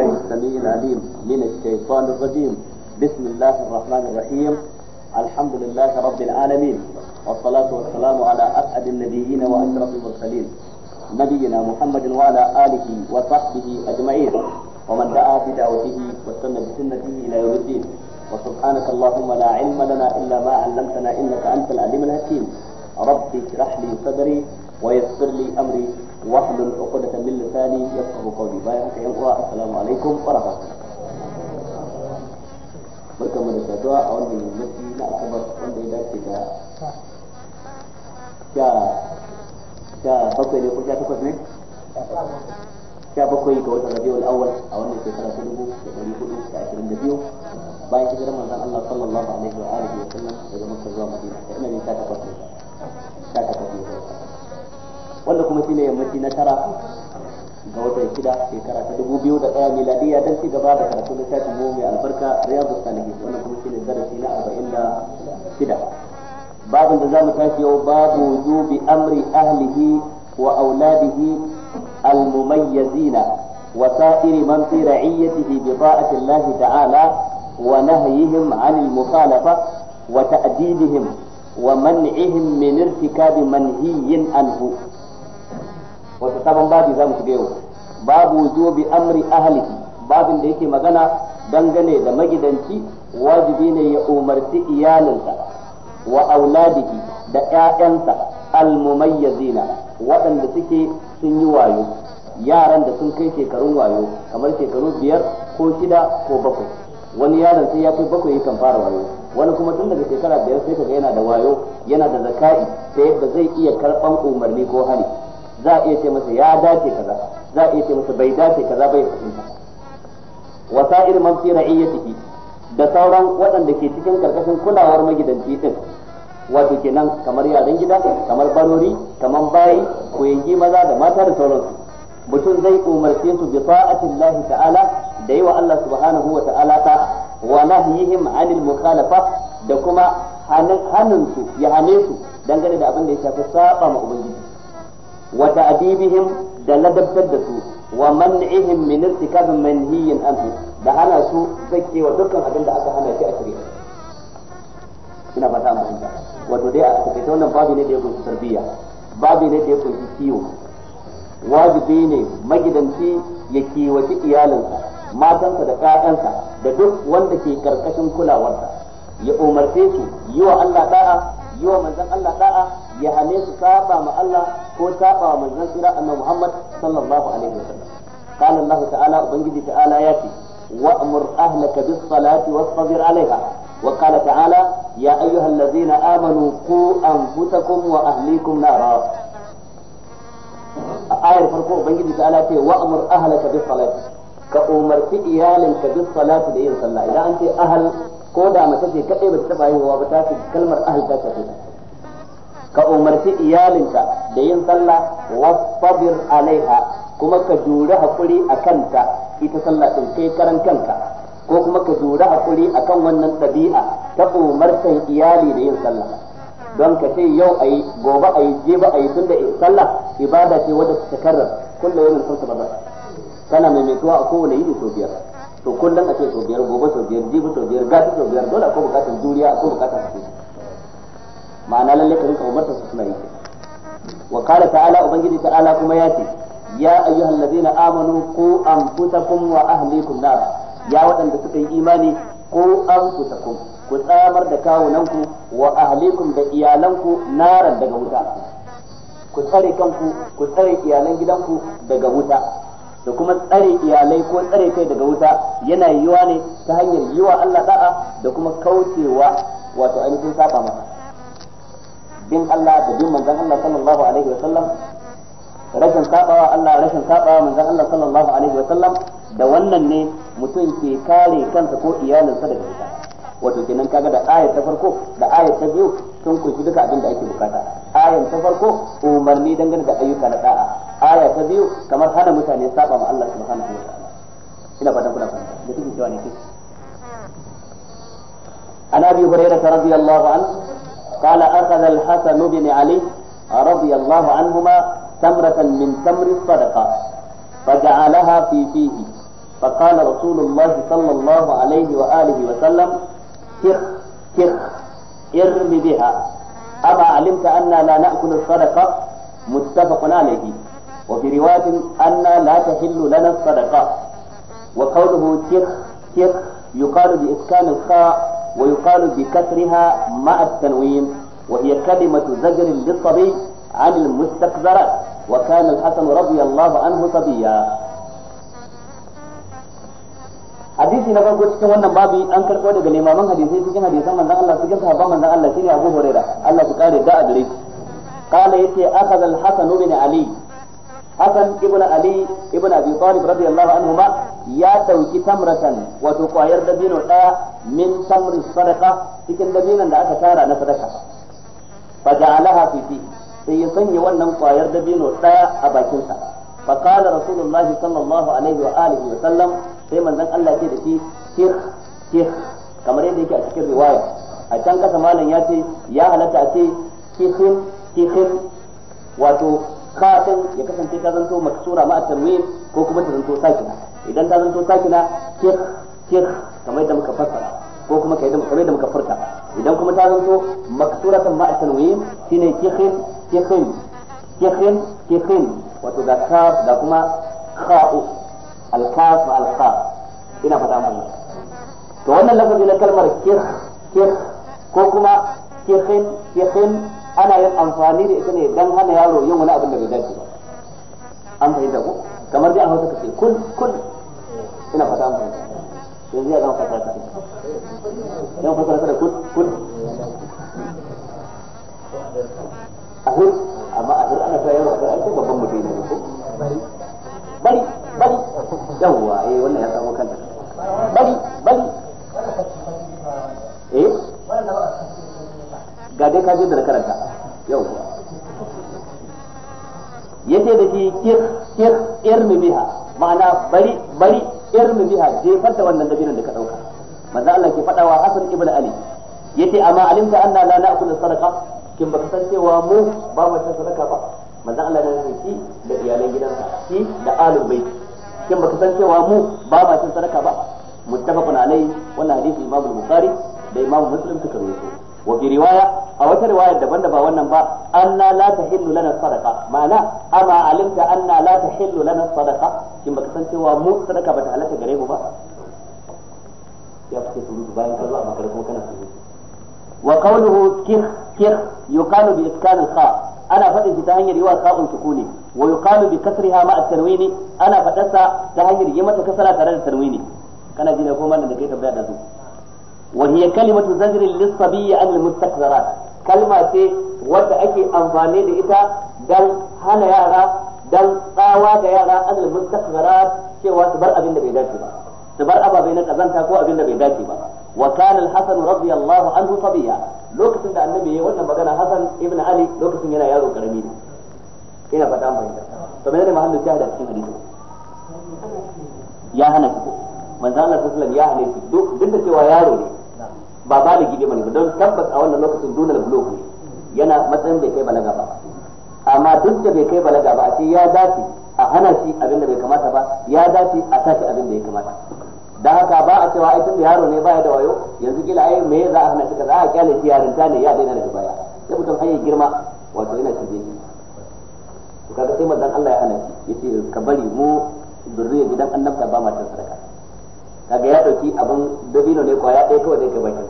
الله السميع العليم من الشيطان الرجيم بسم الله الرحمن الرحيم الحمد لله رب العالمين والصلاة والسلام على أسعد النبيين وأشرف المرسلين نبينا محمد وعلى آله وصحبه أجمعين ومن دعا بدعوته واستنى بسنته إلى يوم الدين وسبحانك اللهم لا علم لنا إلا ما علمتنا إنك أنت العليم الحكيم رب اشرح لي صدري ويسر لي أمري واحلل عقدة من لساني يفقه قولي باي حكا ينقوى السلام عليكم ورحمة الله a wannan ga watan rabiul awwal a wannan shekara ta dubu da ɗari hudu da ashirin wanda kuma shine yammaci na tara ga watan shida shekara ta dubu biyu da ɗaya miladiya don ci gaba da karatun littafin mu mai albarka riyadu salihin wannan kuma shine darasi na arba'in da shida babin da zamu tashi yau babu wujubi amri ahlihi wa auladihi almumayyizina wa sa'iri man fi ra'iyatihi bi ta'ati Allah ta'ala wa nahyihim 'anil mukhalafa wa ta'dibihim wa man'ihim min irtikabi manhiyin anhu wato sabon babi za mu shiga yau babu bi amri ahaliki babin da yake magana dangane da magidanci wajibi ne ya umarci iyalinsa wa auladihi da ƴaƴansa almumayyazina waɗanda suke sun yi wayo yaran da sun kai shekarun wayo kamar shekaru biyar ko shida ko bakwai wani yaron sai ya kai bakwai yakan fara wayo wani kuma tun daga shekara biyar sai kaga yana da wayo yana da zaka'i ta yadda zai iya karɓan umarni ko hali za a iya ce masa ya dace kaza za a iya ce masa bai dace kaza bai fahimta wasa'ir man fi ciki da sauran waɗanda ke cikin karkashin kulawar magidanci din wato kenan kamar yaran gida kamar barori kamar bayi koyangi maza da mata da sauransu mutum zai umarce su bi ta'atin lahi ta'ala da yi wa Allah subhanahu wa ta'ala ta wa nahyihim anil mukhalafa da kuma hannunsu ya hane su dangane da abin da ya shafi saba ma ubangiji wa ta'dibihim da ladabtar da su wa man'ihim min irtikab manhiyin anhu da hana su sake wa dukkan abinda aka hana shi a shari'a ina fata an fahimta wato dai a take wannan babu ne da ya kunshi tarbiyya babu ne da ya kunshi kiwo wajibi ne magidanci ya kiwaci iyalinsa matansa da ƴaƴansa da duk wanda ke karkashin kulawarsa ya umarce su yi wa Allah da'a yi wa manzon Allah da'a ya hane su saba ma Allah ko saba wa manzon tsira annabi Muhammad sallallahu alaihi wasallam قال الله تعالى وبنجد تعالى ياتي وأمر أهلك بالصلاة واصطبر عليها وقال تعالى يا أيها الذين آمنوا قوا أنفسكم وأهليكم نارا آية فرقوا بنجد تعالى وأمر أهلك بالصلاة ka umarci iyalin duk salatu da yin sallah idan an ce ahal ko da mace ce kadai ba ta taba haihuwa ba ta ce kalmar ahal ta ce ka umarci iyalinka da yin sallah wasfabir alaiha kuma ka juri hakuri a kanta ita sallah din kai karan kanka ko kuma ka juri hakuri kan wannan ɗabi'a ta umartan iyali da yin sallah don ka ce yau a yi gobe a yi jeba a yi tun da sallah ibada ce wadda ta karar kullum irin sun ba kana maimaituwa a kowane yini sau biyar to kullum a ce sau biyar gobe sau biyar jibi sau biyar gati sau biyar dole akwai bukatar juriya akwai bukatar hakuri ma'ana lalle ka rinka umarta su suna yi wa qala ta'ala ubangiji ta'ala kuma ya ce ya ayyuhal ladina amanu ku anfusakum wa ahlikum nar ya waɗanda suka yi imani ku anfusakum ku tsamar da kawunanku wa ahlikum da iyalanku naran daga wuta ku tsare kanku ku tsare iyalan gidanku daga wuta da kuma tsare iyalai ko tsare kai daga wuta yana yiwa ne ta hanyar yiwa Allah da'a da kuma kaucewa wato ainihin saba masa bin Allah da bin manzon Allah sallallahu alaihi wa sallam rashin sabawa Allah rashin sabawa manzon Allah sallallahu alaihi wa sallam da wannan ne mutum ke kare kansa ko iyalinsa daga wuta wato kenan kaga da ayat ta farko da ayat ta biyu sun kunshi duka abin da ake bukata ayat ta farko umarni dangane da ayyuka na da'a ayat ta biyu kamar hana mutane saba ma Allah subhanahu wa ta'ala ina fatan kuna fahimta da kike cewa ne kike an abi hurairah radiyallahu an qala akhadha al-hasan علي ali radiyallahu anhuma tamratan min tamri sadaqa فجعلها في فيه فقال رسول الله صلى الله عليه وآله وسلم كر كر ارم بها أما علمت أنا لا نأكل الصدقة متفق عليه وفي رواية أنا لا تحل لنا الصدقة وقوله كر كر يقال بإسكان الخاء ويقال بكسرها مع التنوين وهي كلمة زجر للصبي عن المستكبرات وكان الحسن رضي الله عنه صبيا hadisi na farko cikin wannan babu an karɓo daga limaman hadisai cikin hadisan manzan Allah cikin sahaban manzan Allah shine Abu Huraira Allah su kare da adare qala yace akhadha al-Hasan ibn Ali Hasan ibn Ali ibn Abi Talib radiyallahu anhuma ya tauki tamratan wato kwayar dabino da min tamri sadaqa cikin dabinan da aka tara na sadaka fa ja'alaha fi fi sai ya sanya wannan qayar dabino da a bakin sa fa qala rasulullahi sallallahu alaihi wa alihi wa sallam sai manzon Allah ce da shi kih kih kamar yadda yake a cikin riwaya a can kasa malam ya ce ya halatta a ce kihin kihin wato kafin ya kasance ta zanto maksura ma tanwin ko kuma ta zanto sakina idan ta zanto sakina kih kih kamar yadda muka fassara ko kuma kai kamar yadda muka furta idan kuma ta zanto maksuratan ma tanwin shine kihin kihin kihin kihin wato ga ka da kuma kha'u alkaf da alkaf ina fata mun to wannan lafazi na kalmar kir kir ko kuma kirhin kirhin ana yin amfani da ita ne dan hana yaro yin wani abin da bai dace ba an fahimta ko kamar dai a hausa kace kul kul ina fata mun yanzu ya zama fata kace yan fata da kul kul ahir amma ahir ana ta yaro ahir ai babban mutum ne ko bari bari yawwa eh wannan ya samu kanta bari bari eh ga dai ka je da karanta yawwa yace da shi kir kir irmi biha ma'ana bari bari irmi biha jefar da wannan dabinan da ka dauka manzo Allah ke fadawa Hasan ibn Ali yace amma alimta anna la na'kul sadaqa kin baka san cewa mu ba mu san sadaka ba manzo Allah ne ki da iyalan gidansa ki da alul bait kin baka san cewa mu ba ma cin sadaka ba muttafaqun alai wannan hadisi imamu bukhari da imamu muslim suka rawaito wa bi riwaya a wata riwaya daban da ba wannan ba anna la tahillu lana sadaqa ma'ana ama alimta anna la tahillu lana sadaqa kin baka san cewa mu sadaka bata halaka gare mu ba ya fice surutu bayan ka zo a kuma kana surutu wa kauluhu kir kir yuqalu bi iskan kha ana fadin ta hanyar yawa sa'un tukuni wa yuqalu bi kasriha ma at-tanwini ana faɗasa ta hanyar yi mata kasara tare da tanwini kana jina ko mallan da kai tambaya da su wa hiya kalimatu zajrin lissafi ya an al-mustakbarat kalma ce wadda ake amfani da ita dan hana yara dan tsawa da yara an al-mustakbarat cewa su bar abin bai dace ba su bar ababai na kazanta ko abin bai dace ba wa kana al-hasan radiyallahu anhu sabiya lokacin da annabi ya wannan magana hasan ibn ali lokacin yana yaro karami ne ina faɗa mai to menene hannu shahada cikin hadisi ya hana shi manzo Allah sallallahu alaihi wasallam ya hana shi duk da cewa yaro ne ba ba da ne bane ba don tabbas a wannan lokacin dunal bulugh ne yana matsayin bai kai balaga ba amma duk da bai kai balaga ba a ce ya dace a hana shi abin da bai kamata ba ya dace a tashi abin da ya kamata da haka ba a cewa aikin da yaro ne baya da wayo yanzu kila ai me za a hana shi kaza a kyale shi yarinta ne ya daina daga baya sai mutum har ya girma wato ina shige shi to kaga sai manzon Allah ya hana shi yace ka bari mu zurriya gidan ta ba ma cin sadaka kaga ya dauki abin dabino ne ya dai kawai zai ga bakin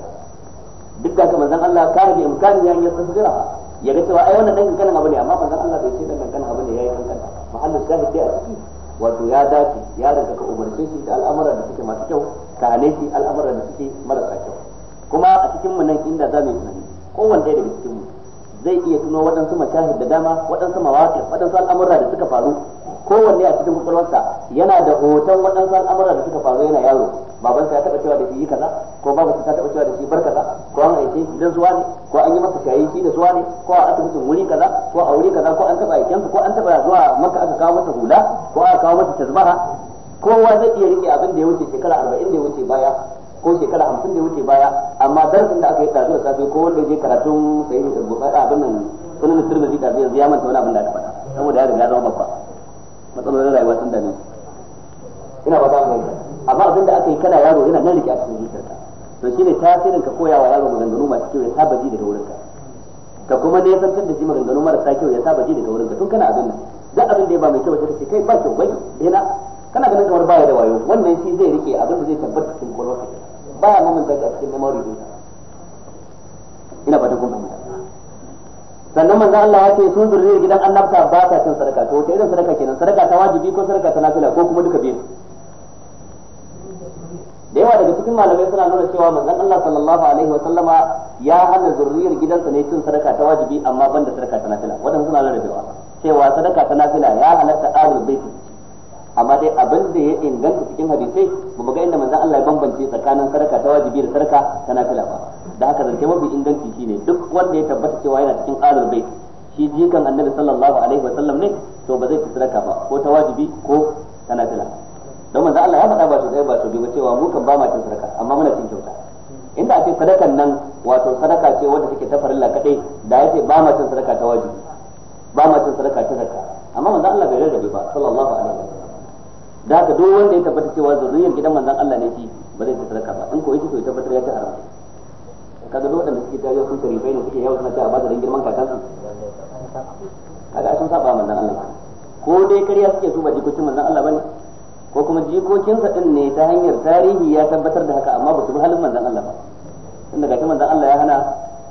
duk da manzon Allah ka rabi imkani ya yi tasgira ya ga cewa ai wannan dan kankanin abu ne amma manzon Allah bai ce dan kankanin abu ne yayi kankana mahallin shahid dai a ciki wato ya dace ya daga ka umarce shi da al'amura da suke masu kyau ka hane shi al'amura da suke marasa kyau kuma a cikin mu nan inda za mu yi tunani kowanne daga cikin mu zai iya tuno waɗansu mashahid da dama waɗansu mawaƙi waɗansu al'amura da suka faru kowanne a cikin kwakwalwarsa yana da hoton waɗansu al'amura da suka faru yana yaro babansa ya taɓa cewa da shi yi kaza ko baban ta taɓa cewa da shi bar kaza ko an aike shi dan suwa ne ko an yi masa shayi shi da suwa ne ko a asibitin wuri kaza ko a wuri kaza ko an taɓa aiken ko an taɓa zuwa maka aka kawo masa hula ko aka kawo masa tasbaha kowa zai iya rike abin da ya wuce shekara arba'in da ya wuce baya ko shekara hamsin da wuce baya amma darasin da aka yi ɗazu da safe ko wanda ya je karatun sai ne bukata abin nan sunan tirmidhi da yanzu ya manta wani abin da aka faɗa saboda ya riga zama babba matsalolin rayuwa sun dame ina ba za mu amma abin da aka yi kana yaro yana nan rike a cikin zuciyarka to shine tasirin ka koya wa yaro maganganu masu kyau ya saba ji daga wurinka ka kuma ne san da shi maganganu marasa kyau ya saba ji daga wurinka tun kana abin nan duk abin da ya ba mai kyau ce kai ba kyau bai ina kana ganin kamar baya da wayo wannan shi zai rike abin da zai tabbata cikin kwakwalwarka baya mamanta a cikin memory din ina ba ta kuma sannan manzo Allah ya ce sun zurriyar gidan annabta ba ta cin sadaka to wata irin sadaka kenan sadaka ta wajibi ko sadaka ta nafila ko kuma duka biyu da yawa daga cikin malamai suna nuna cewa manzon Allah sallallahu alaihi wa sallama ya hana zurriyar gidansa ne cin sadaka ta wajibi amma banda sadaka ta nafila wadannan suna nuna cewa sadaka ta nafila ya halatta alul baiti amma dai abin da ya inganta cikin hadisai ba mu ga inda manzon Allah ya bambance tsakanin sadaka ta wajibi da sadaka ta nafila ba da haka zance mafi inganci shine duk wanda ya tabbata cewa yana cikin alul bai shi jikan annabi sallallahu alaihi wa sallam ne to ba zai ci sadaka ba ko ta wajibi ko ta nafila don manzon Allah ya faɗa ba su ɗaya ba su biyu ba cewa mu kan ba ma cin sadaka amma muna cin kyauta inda ake sadakan nan wato sadaka ce wanda take ta farilla kadai da yake ba ma cin sadaka ta wajibi ba ma cin sadaka ta zakka amma manzon Allah bai rarrabe ba sallallahu alaihi wa sallam da haka duk wanda ya tabbata cewa zuriyar gidan manzon Allah ne shi ba zai ci sadaka ba in ko yake to ya tabbatar ya ci haram kaga duk wanda suke tafiya sun bai ne suke yawo suna cewa ba da girman kakansu kaga sun saba manzon Allah ko dai kariya suke su ba jikokin manzon Allah bane ko kuma jikokinsa din ne ta hanyar tarihi ya tabbatar da haka amma ba su bi halin manzon Allah ba inda ga manzon Allah ya hana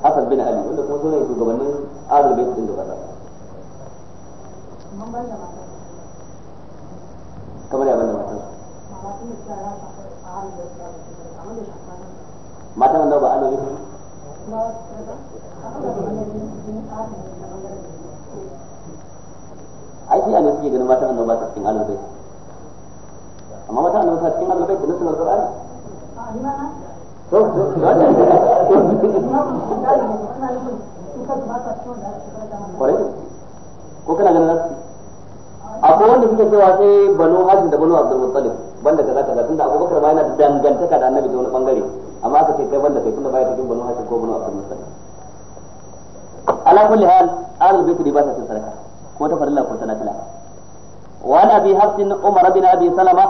Hassan bin Ali wanda kuma sunan shugabannin Ahlul Bait din da kaza kamar ya banda matan matan wanda ba alo yake ai shi ne suke ganin matan wanda ba ta cikin alo bai amma matan wanda ba ta cikin alo bai da nasu lalzar ai to to to ko kana ganin akwai wanda suka cewa sai banu hajji da banu abdul muttalib banda kaza kaza tunda abubakar ma yana dangantaka da annabi ta wani bangare amma aka ce kai banda kai tunda baya cikin banu hajji ko banu abdul muttalib ala kulli hal ahlul bayt ba ta cin sarka ko ta farilla ko ta nafila wa an abi hafs umar bin abi salama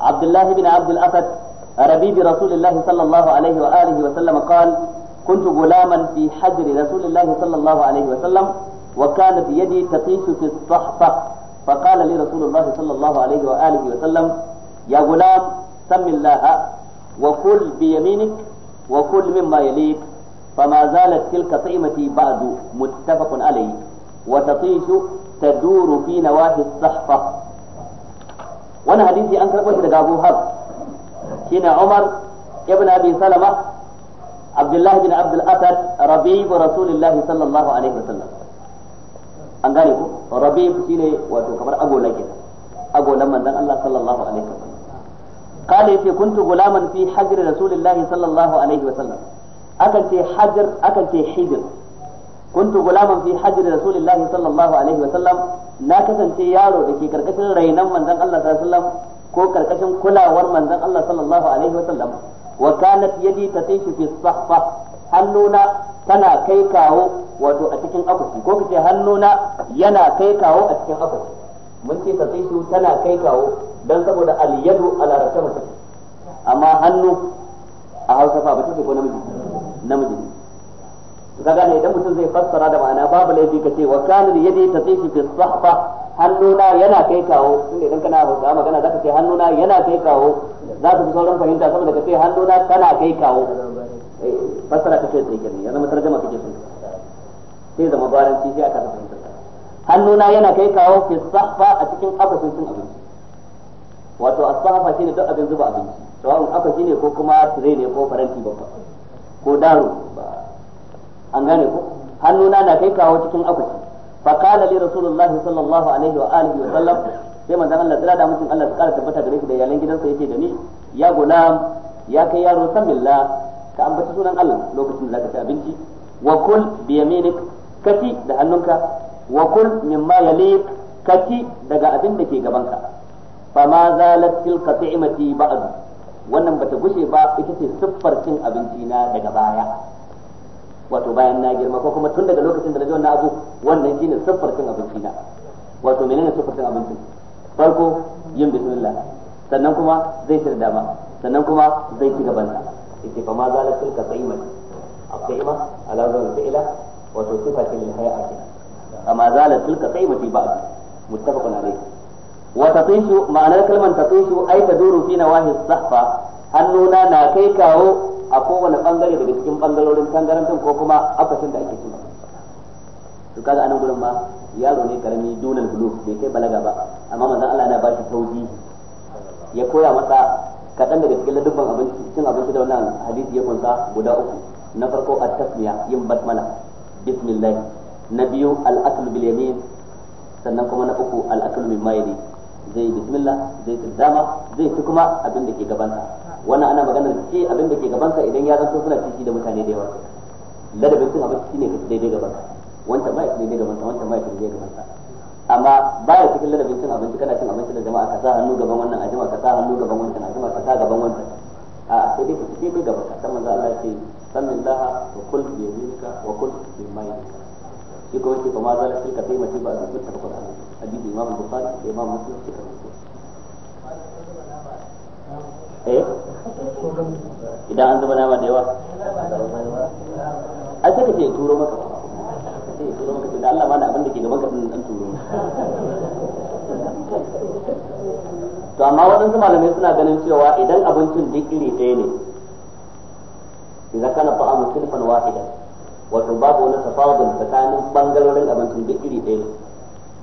abdullah bin abdul asad ربيب رسول الله صلى الله عليه وآله وسلم قال كنت غلاما في حجر رسول الله صلى الله عليه وسلم وكانت يدي تطيش في الصحفة فقال لي رسول الله صلى الله عليه وآله وسلم يا غلام سم الله وكل بيمينك وكل مما يليك فما زالت تلك طعمتي بعد متفق عليه وتطيش تدور في نواحي الصحفة وانا حديثي أنكر قلت لك أبو هرب شين عمر ابن أبي سلمة عبد الله بن عبد الأسد ربيب رسول الله صلى الله عليه وسلم an gane ko rabi wato kamar agolan manzon Allah sallallahu alaihi sallam kale yace kuntu gulaman fi hajr rasulillahi sallallahu alaihi sallam akan ce hajr akan ce hijr كنت غلاما في حجر رسول الله صلى الله عليه وسلم لا كسنتي يارو دكي كركشن رينن منزن الله صلى الله عليه وسلم كو كركشن كلاور منزن الله صلى الله عليه hannuna tana kai kawo wato a cikin akwati ko kace hannuna yana kai kawo a cikin akwati mun ce ka su tana kai kawo dan saboda al-yadu ala rasama amma hannu a Hausa fa ba ce ko namiji namiji kaga ne idan mutum zai fassara da ma'ana babu laifi ka ce wa kana yadi tasifu fi sahfa hannuna yana kai kawo tunda idan kana hausa magana zaka ce hannuna yana kai kawo za ka fi sauran fahimta saboda ka ce hannuna tana kai kawo fassara kake tsaye kenan ya zama tarjama kake so sai zama baranci sai aka fahimtar hannuna yana kai kawo ke safa a cikin akwatin cin abinci wato a safa shi ne duk abin zuba abinci sawa'un akwati ne ko kuma tire ne ko faranti babba ko daro an gane ko hannuna na kai kawo cikin akwati fa qala li rasulullahi sallallahu alaihi wa alihi wa sallam sai manzon Allah tsira da mutum Allah ya kara tabbata gare shi da yalan gidansa yake da ni ya gulam ya kai yaro san billah ka ambaci sunan Allah lokacin da zaka ci abinci wa kul bi yaminik kati da hannunka wa kul mimma yalik kati daga abin da ke gabanka fa ma zalat tilka ta'imati ba'd wannan bata gushe ba ita ce siffar cin abinci na daga baya wato bayan na girma ko kuma tun daga lokacin da na ji wannan abu wannan shine siffar cin abinci na wato menene siffar cin abincin farko yin bismillah sannan kuma zai shirya dama sannan kuma zai ci gaban yake fa ma zalat tilka qaimat aqima ala zan fi'la wa sifatin lil hayati amma zalat tilka qa'imati ba muttafaqun alayh wa tatishu ma'anar kalman tatishu ay taduru fi nawahi sahfa hannuna na kai kawo a kowane bangare daga cikin bangarorin tangarantan ko kuma akwatin da ake cin to kaga anan gurin ma yaro ne karami dunal bulu bai kai balaga ba amma manzon Allah ba shi tauji ya koya masa kaɗan daga cikin ladubban abinci cin abinci da wannan hadisi ya kunsa guda uku na farko at-tasmiya yin basmala bismillah na biyu al-aklu bil yamin sannan kuma na uku al-aklu mimma yali zai bismillah zai dama zai ci kuma abin da ke gabansa wannan ana da ce abin da ke gabansa idan ya zanto suna cici da mutane da yawa ladabin cin abinci ne daidai gabanta wancan ma ya daidai gabansa wancan ma ya daidai gabansa amma baya cikin ladabin cin abinci kana cin abinci da jama'a ka sa hannu gaban wannan ajima ka sa hannu gaban wancan ajima ka sa gaban wancan a sai dai ka ci kai gaba ka san manzo Allah ce sannin laha wa kul bi yaminika wa kul bi yaminika shi ko yake kuma zalla shi ka taimaki ba da mutunta ko hadisi imam bukhari da imam muslim shi ka eh idan an zama nama da yawa a cikin ka ce turo maka sai ya turo maka ce da Allah ma da abin da ke gaban ka din dan turo to amma waɗansu malamai suna ganin cewa idan abincin duk iri ɗaya ne idan kana fa'a musulfan wahidan wato babu wani tafawudin tsakanin bangarorin abincin duk iri ɗaya ne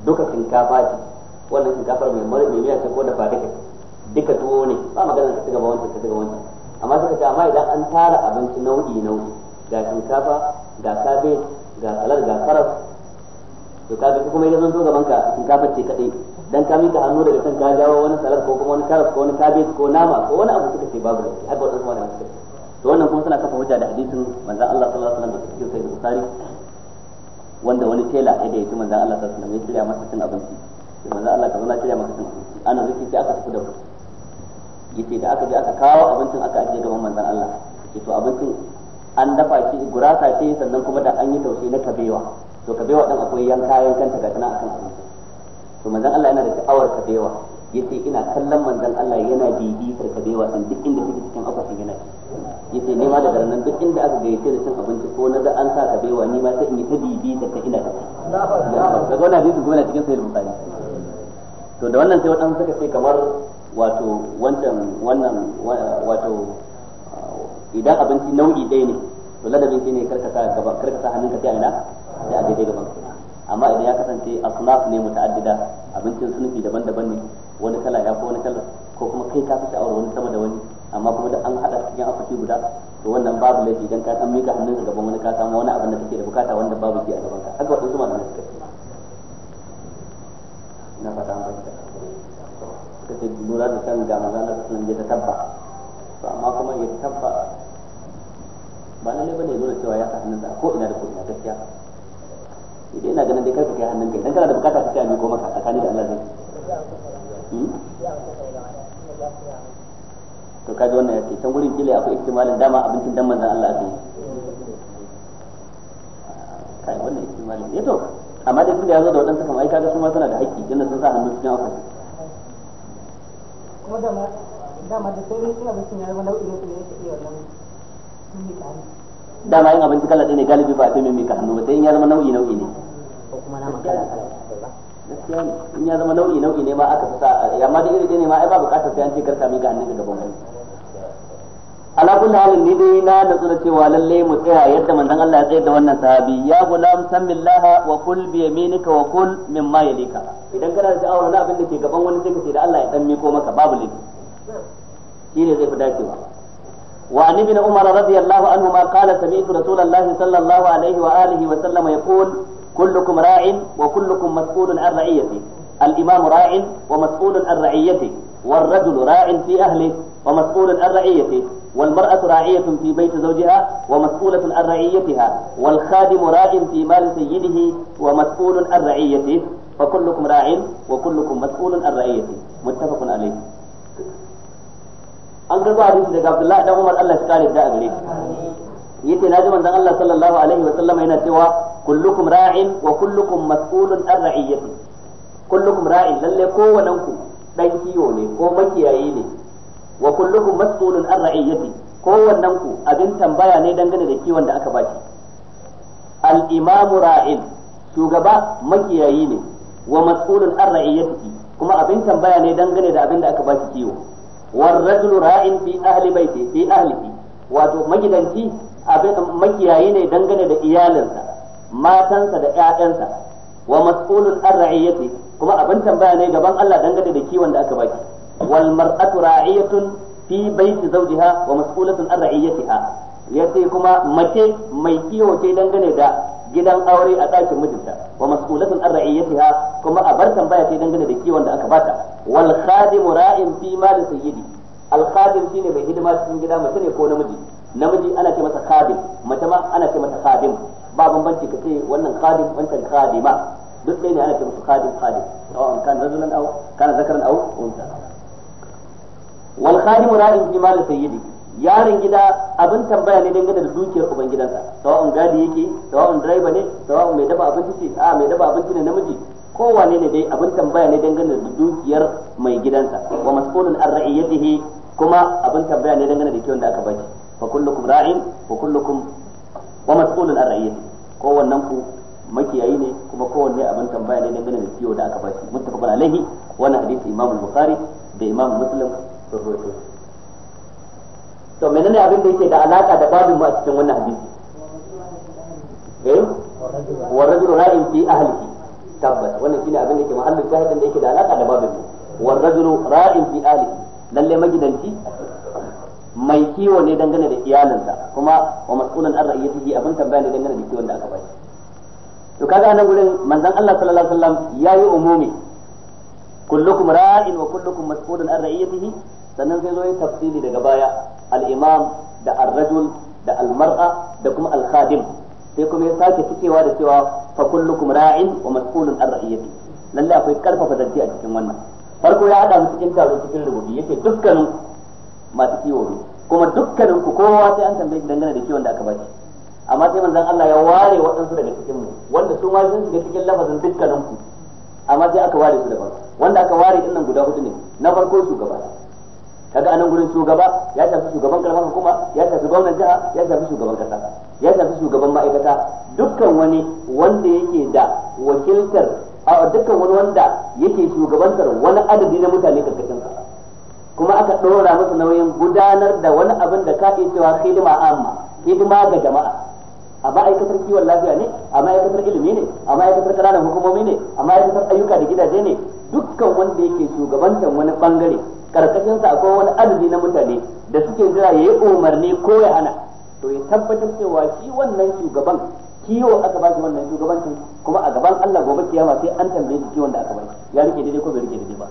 duka shinkafa ce wannan shinkafar mai mara mai miya ce ko da ba duka tuwo ne ba maganar ka gaba wancan ka gaba wancan amma suka ce amma idan an tara abinci nau'i nau'i ga shinkafa ga kabeji ga alal ga faras to kaga kuma ya zanto gaban ka in ka bace kadai dan ka mika hannu daga kan ka jawo wani salar ko kuma wani karas ko wani cabbage ko nama ko wani abu suka ce babu da haka wannan kuma da suka to wannan kuma suna kafa hujja da hadisin manzon Allah sallallahu alaihi wasallam da cikin sahih bukhari wanda wani tela ya gayyaci manzon Allah sallallahu alaihi wasallam ya kira masa cin abinci sai manzon Allah kaza na kira masa cin abinci ana zuci sai aka tafi da yace da aka je aka kawo abincin aka ajiye gaban manzon Allah yace to abincin an dafa shi gurasa ce sannan kuma da an yi taushe na kabewa to kabewa dan akwai yanka yankan ta ga tana akan abinci to manzon Allah yana da sha'awar kabewa yace ina kallon manzon Allah yana bibitar kabewa din duk inda take cikin akwatin yana yace ni ma da nan duk inda aka gayyace da cin abinci ko na ga an sa kabewa ni ma sai in yi ta bibi da ta ina ta daga wannan hadisi kuma na cikin sahih bukhari to da wannan sai wadansu suka ce kamar wato wannan wannan wato idan abinci nau'i ɗaya ne to ladabin shi ne karkasa gaban karkasa hannunka sai a ina sai a daidai gaban amma idan ya kasance asnaf ne muta'addida abincin sunfi daban-daban ne wani kala ya ko wani kala ko kuma kai ka fi sha'awar wani sama da wani amma kuma da an haɗa cikin afaki guda to wannan babu laifi idan ka san mika hannunka gaban wani ka samu wani abin da kake da bukata wanda babu shi a gaban ka haka wadansu malamai suka ce na fata an bayyana suka ce lura da kan gama manzon da ta alaihi tabba to amma kuma ya tabba ba lalle bane zo cewa ya sa hannunsa ko ina da ko ina gaskiya idan ina ganin dai karka kai hannunka idan kana da bukata ka kai ko maka tsakani da Allah zai hmm? to kaji wannan ya ce can gurin kila akwai ihtimalin dama abincin dan manzon Allah ake kai wannan ihtimalin eh to amma dai tunda yazo da wadansu kamar ai kaga su ma suna da haƙƙi inda sun sa hannu cikin akwai kuma da dama da sai in abincin ya zama nau'i ne kuma yake iya wannan mimika dama yin abinci kala ne galibi ba a fi mimika hannu ba sai in ya zama nau'i nau'i ne ko kuma nama kala kala in ya zama nau'i nau'i ne ma aka fi sa eh, amma da iri ne ma ai ba bukatar sai an ce karka mika hannun ka gaban wani ala kulli halin ni dai na da tsura cewa lalle mu tsaya yadda manzon Allah ya tsaya da wannan sahabi ya gulam samillaha wa kul bi yaminika wa kul mimma yalika idan kana da sha'awar na abin da ke gaban wani sai ka ce da Allah ya dan miko maka babu laifi shine zai fi dacewa wa an ibn umar radiyallahu anhu ma qala sami'tu rasulullahi sallallahu alaihi wa alihi wa sallam yaqul kullukum ra'in wa kullukum mas'ulun an ra'iyati al-imam ra'in wa mas'ulun والرجل راع في أهله ومسؤول عن رعيته والمرأة راعية في بيت زوجها ومسؤولة عن رعيتها والخادم راع في مال سيده ومسؤول عن رعيته فكلكم راع وكلكم مسؤول عن رعيته متفق عليه an zuwa hadisi daga Abdullahi dan Umar Allah ya kare da a gare shi yace ji manzon Allah sallallahu alaihi wa sallam yana cewa kullukum ra'in wa kullukum mas'ulun an ra'iyyati kullukum ra'in lalle kowannen ku dan kiyo ne ko makiyayi ne wa kullukum mas'ulun an ra'iyyati kowannen ku abin tambaya ne dangane da kiwon da aka baki al-imamu ra'in shugaba makiyayi ne wa mas'ulun an ra'iyyati kuma abin tambaya ne dangane da abin da aka baki kiwo war rajulu ra'in fi ahli baiti fi wato magidanci abin makiyayi ne dangane da iyalinsa matansa da ƴaƴansa wa mas'ulun an ra'iyyati kuma abin tambaya ne gaban Allah dangane da kiwon da aka baki wal mar'atu ra'iyatun fi baiti zawjiha wa mas'ulatun an ra'iyyatiha yace kuma mace mai kiwo ce dangane da gidan aure a ɗakin mijinta wa mas'ulatun an ra'iyatiha kuma a bar tambaya ce dangane da kiwon da aka bata wal khadimu ra'in fi mali sayyidi al khadim shine mai hidima cikin gida mace ne ko namiji namiji ana ce masa khadim mace ma ana ce masa khadim ba bambanci ka ce wannan khadim wancan khadima duk ɗaya ne ana ce masa khadim khadim aw an kana rajulan aw kana zakaran aw unsa wal khadimu ra'in fi mali sayyidi yaron gida abin tambaya ne dangane da dukiyar gidansa, tawa'un gadi yake tawa'un driver ne tawa'un mai dafa abinci ce a mai dafa abinci ne namiji kowane ne dai abin tambaya ne dangane da dukiyar mai gidansa wa mas'ulun an ra'iyatihi kuma abin tambaya ne dangane da kiwon da aka baki fa kullukum ra'in wa kullukum wa mas'ulun an ra'iyatihi kowannen ku makiyayi ne kuma kowanne abin tambaya ne dangane da kiwo da aka bashi muttafaqun alaihi wannan hadisi imamul bukhari da imam muslim sun rawaito to menene abin da yake da alaka da babin mu a cikin wannan hadisi eh wa rajulu ra'in fi ahlihi tabbata wannan shine abin da yake mahallin shahidin da yake da alaka da babin mu wa rajulu ra'in fi ahlihi lalle magidanci mai kiwo ne dangane da iyalinsa kuma wa mas'ulun an ra'iyatihi abin tambaya ne dangane da kiwon da aka bai to kaga nan gurin manzon Allah sallallahu alaihi wasallam yayi umumi kullukum ra'in wa kullukum mas'ulun an ra'iyatihi sannan sai zo ya tafsiri daga baya Al'imam da ar-rajul da al-mar'a da kuma al-khadim sai kuma ya sake fitewa da cewa fa kullukum ra'in wa mas'ulun an ra'iyati lalle akwai karfafa zance a cikin wannan farko ya hada musu cikin taro cikin rubutu yake dukkanin masu kiwo ne kuma dukkanin ku kowa sai an tambaye dangane da kiwon da aka bace amma sai manzon Allah ya ware waɗansu daga cikin mu wanda su ma sun shiga cikin lafazin dukkanin ku amma sai aka ware su daban wanda aka ware din nan guda hudu ne na farko shugaba kaga anan gurin shugaba ya shafi shugaban karamar hukuma ya shafi gwamnan jiha ya shafi shugaban kasa ya shafi shugaban ma'aikata dukkan wani wanda yake da wakiltar a dukkan wani wanda yake shugabantar wani adadi na mutane karkashin sa kuma aka dora masa nauyin gudanar da wani abin da ka iya cewa hidima amma hidima ga jama'a a ma'aikatar kiwon lafiya ne a ma'aikatar ilimi ne a ma'aikatar kananan hukumomi ne a ma'aikatar ayyuka da gidaje ne dukkan wanda yake shugabantar wani bangare karkashin sa akwai wani adadi na mutane da suke jira yayi umarni ko ya hana to ya tabbatar cewa shi wannan shugaban kiwo aka ba wannan shugabancin kuma a gaban Allah gobe kiyama sai an tambaye shi kiwon da aka ba ya rike daidai ko bai rike daidai ba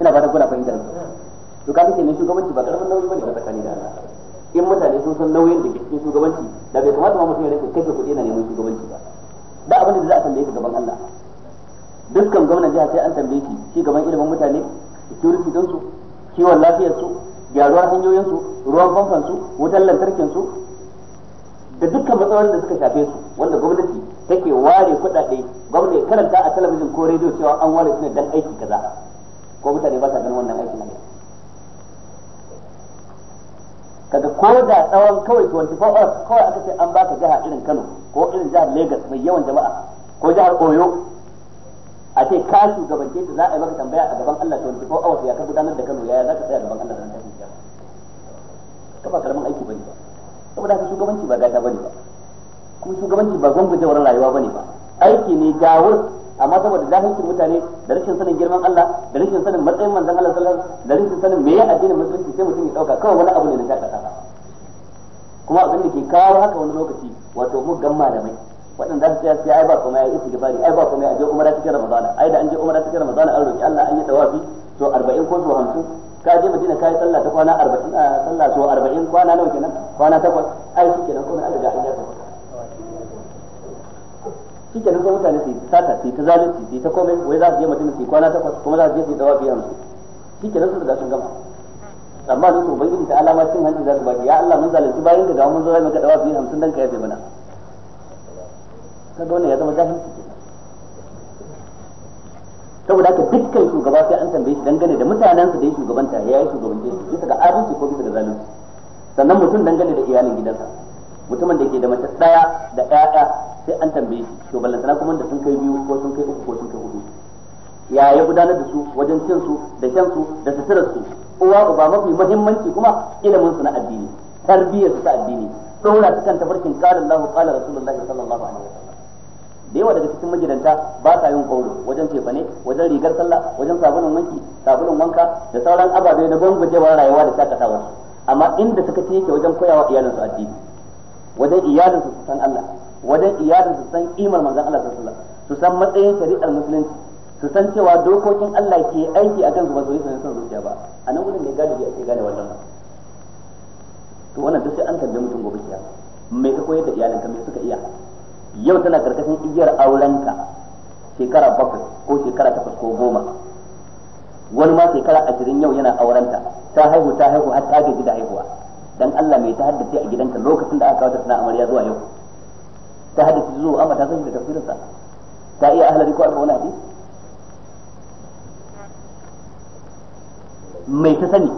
ina fatan kuna fahimtar to ka kake ne shugabanci ba karamin nauyi bane ba tsakani da Allah in mutane sun san nauyin da ke cikin shugabanci da bai kamata ma mutum ya rike kai kuɗi yana neman shugabanci ba da abin da za a tambaye shi gaban Allah dukkan gwamnan jiha sai an tambaye shi shi gaban ilimin mutane security don su kiwon lafiyar su gyaruwar hanyoyin su ruwan famfan su wutar lantarkin su da dukkan matsalolin da suka shafe su wanda gwamnati take ware kuɗaɗe gwamnati karanta a talabijin ko rediyo cewa an ware su ne dan aiki kaza ko mutane ba sa ganin wannan aikin ne kaga ko da tsawon kawai 24 hours kawai aka ce an baka jiha irin Kano ko irin jihar Lagos mai yawan jama'a ko jihar Oyo a ce ka shugabance ta za a yi maka tambaya a gaban Allah 24 hours ya ka gudanar da Kano yaya za ka tsaya gaban Allah da nan ta ka ba karamin aiki bane ba saboda haka shugabanci ba gata bane ba kuma shugabanci ba gwangwajewar rayuwa bane ba aiki ne gawur amma saboda jahilcin mutane da rashin sanin girman Allah da rashin sanin matsayin manzon Allah sallallahu alaihi wasallam da rashin sanin ya addinin musulunci sai mutum ya dauka kawai wani abu ne na shaka kuma abin da ke kawo haka wani lokaci wato da mai. waɗanda za su tsaya sai ai ba ya ai istighfari ai ba kuma ya je umara cikin ramadana ai da an je umara cikin ramadana an roki Allah an yi tawafi to 40 ko zuwa 50 ka je madina kai sallah ta kwana 40 sallah so 40 kwana nawa kenan kwana takwas ai shi kenan kuma an ga an yi shi kenan ko mutane su sata su ta zalunci su ta komai wai za su je madina su kwana takwas kuma za su je su tawafi 50 shi kenan su riga sun gama amma su ubangiji ta alama cin hanci za su baki ya Allah mun zalunci bayan ka ga mun zo za mu ka tawafi 50 dan ka yafe mana ka wannan ya zama jahilci saboda haka dukkan shugaba sai an tambaye shi dangane da mutanensa da ya shugabanta ya yi shugabanci bisa ga adalci ko bisa ga zalunci sannan mutum dangane da iyalin gidansa mutumin da ke da mace daya da ƴaƴa sai an tambaye shi to ballantana kuma da sun kai biyu ko sun kai uku ko sun kai hudu ya ya gudanar da su wajen cin su da shan su da suturar su uwa uba mafi muhimmanci kuma ilimin su na addini tarbiyyar su ta addini dora su kan tafarkin qala Allahu qala Rasulullahi sallallahu alaihi wasallam da yawa daga cikin magidanta ba sa yin kauro wajen tefane wajen rigar sallah wajen sabulun wanki sabulun wanka da sauran ababe na jawar rayuwa da shakatawa amma inda suka ce yake wajen koyawa iyalinsu addini wajen iyalinsu su san Allah wajen iyalinsu su san imar manzon Allah sallallahu alaihi wasallam su san matsayin shari'ar musulunci su san cewa dokokin Allah ke aiki a su ba su yi sanin son zuciya ba a nan gudun ne galibi ake gane wannan to wannan duk sai an tambaye mutum gobe kiyama me ka koyar da iyalinka me suka iya yau tana karkashin igiyar aurenka shekara bakwai ko shekara takwas ko goma wani ma shekara ashirin yau yana aurenta ta haihu ta haihu har ta gaji da haihuwa dan Allah mai ta haddace a gidanka lokacin da aka kawo ta tana amarya zuwa yau ta haddace zuwa amma ta san da tafsirinsa ta iya ahlari ko aka wani mai ta sani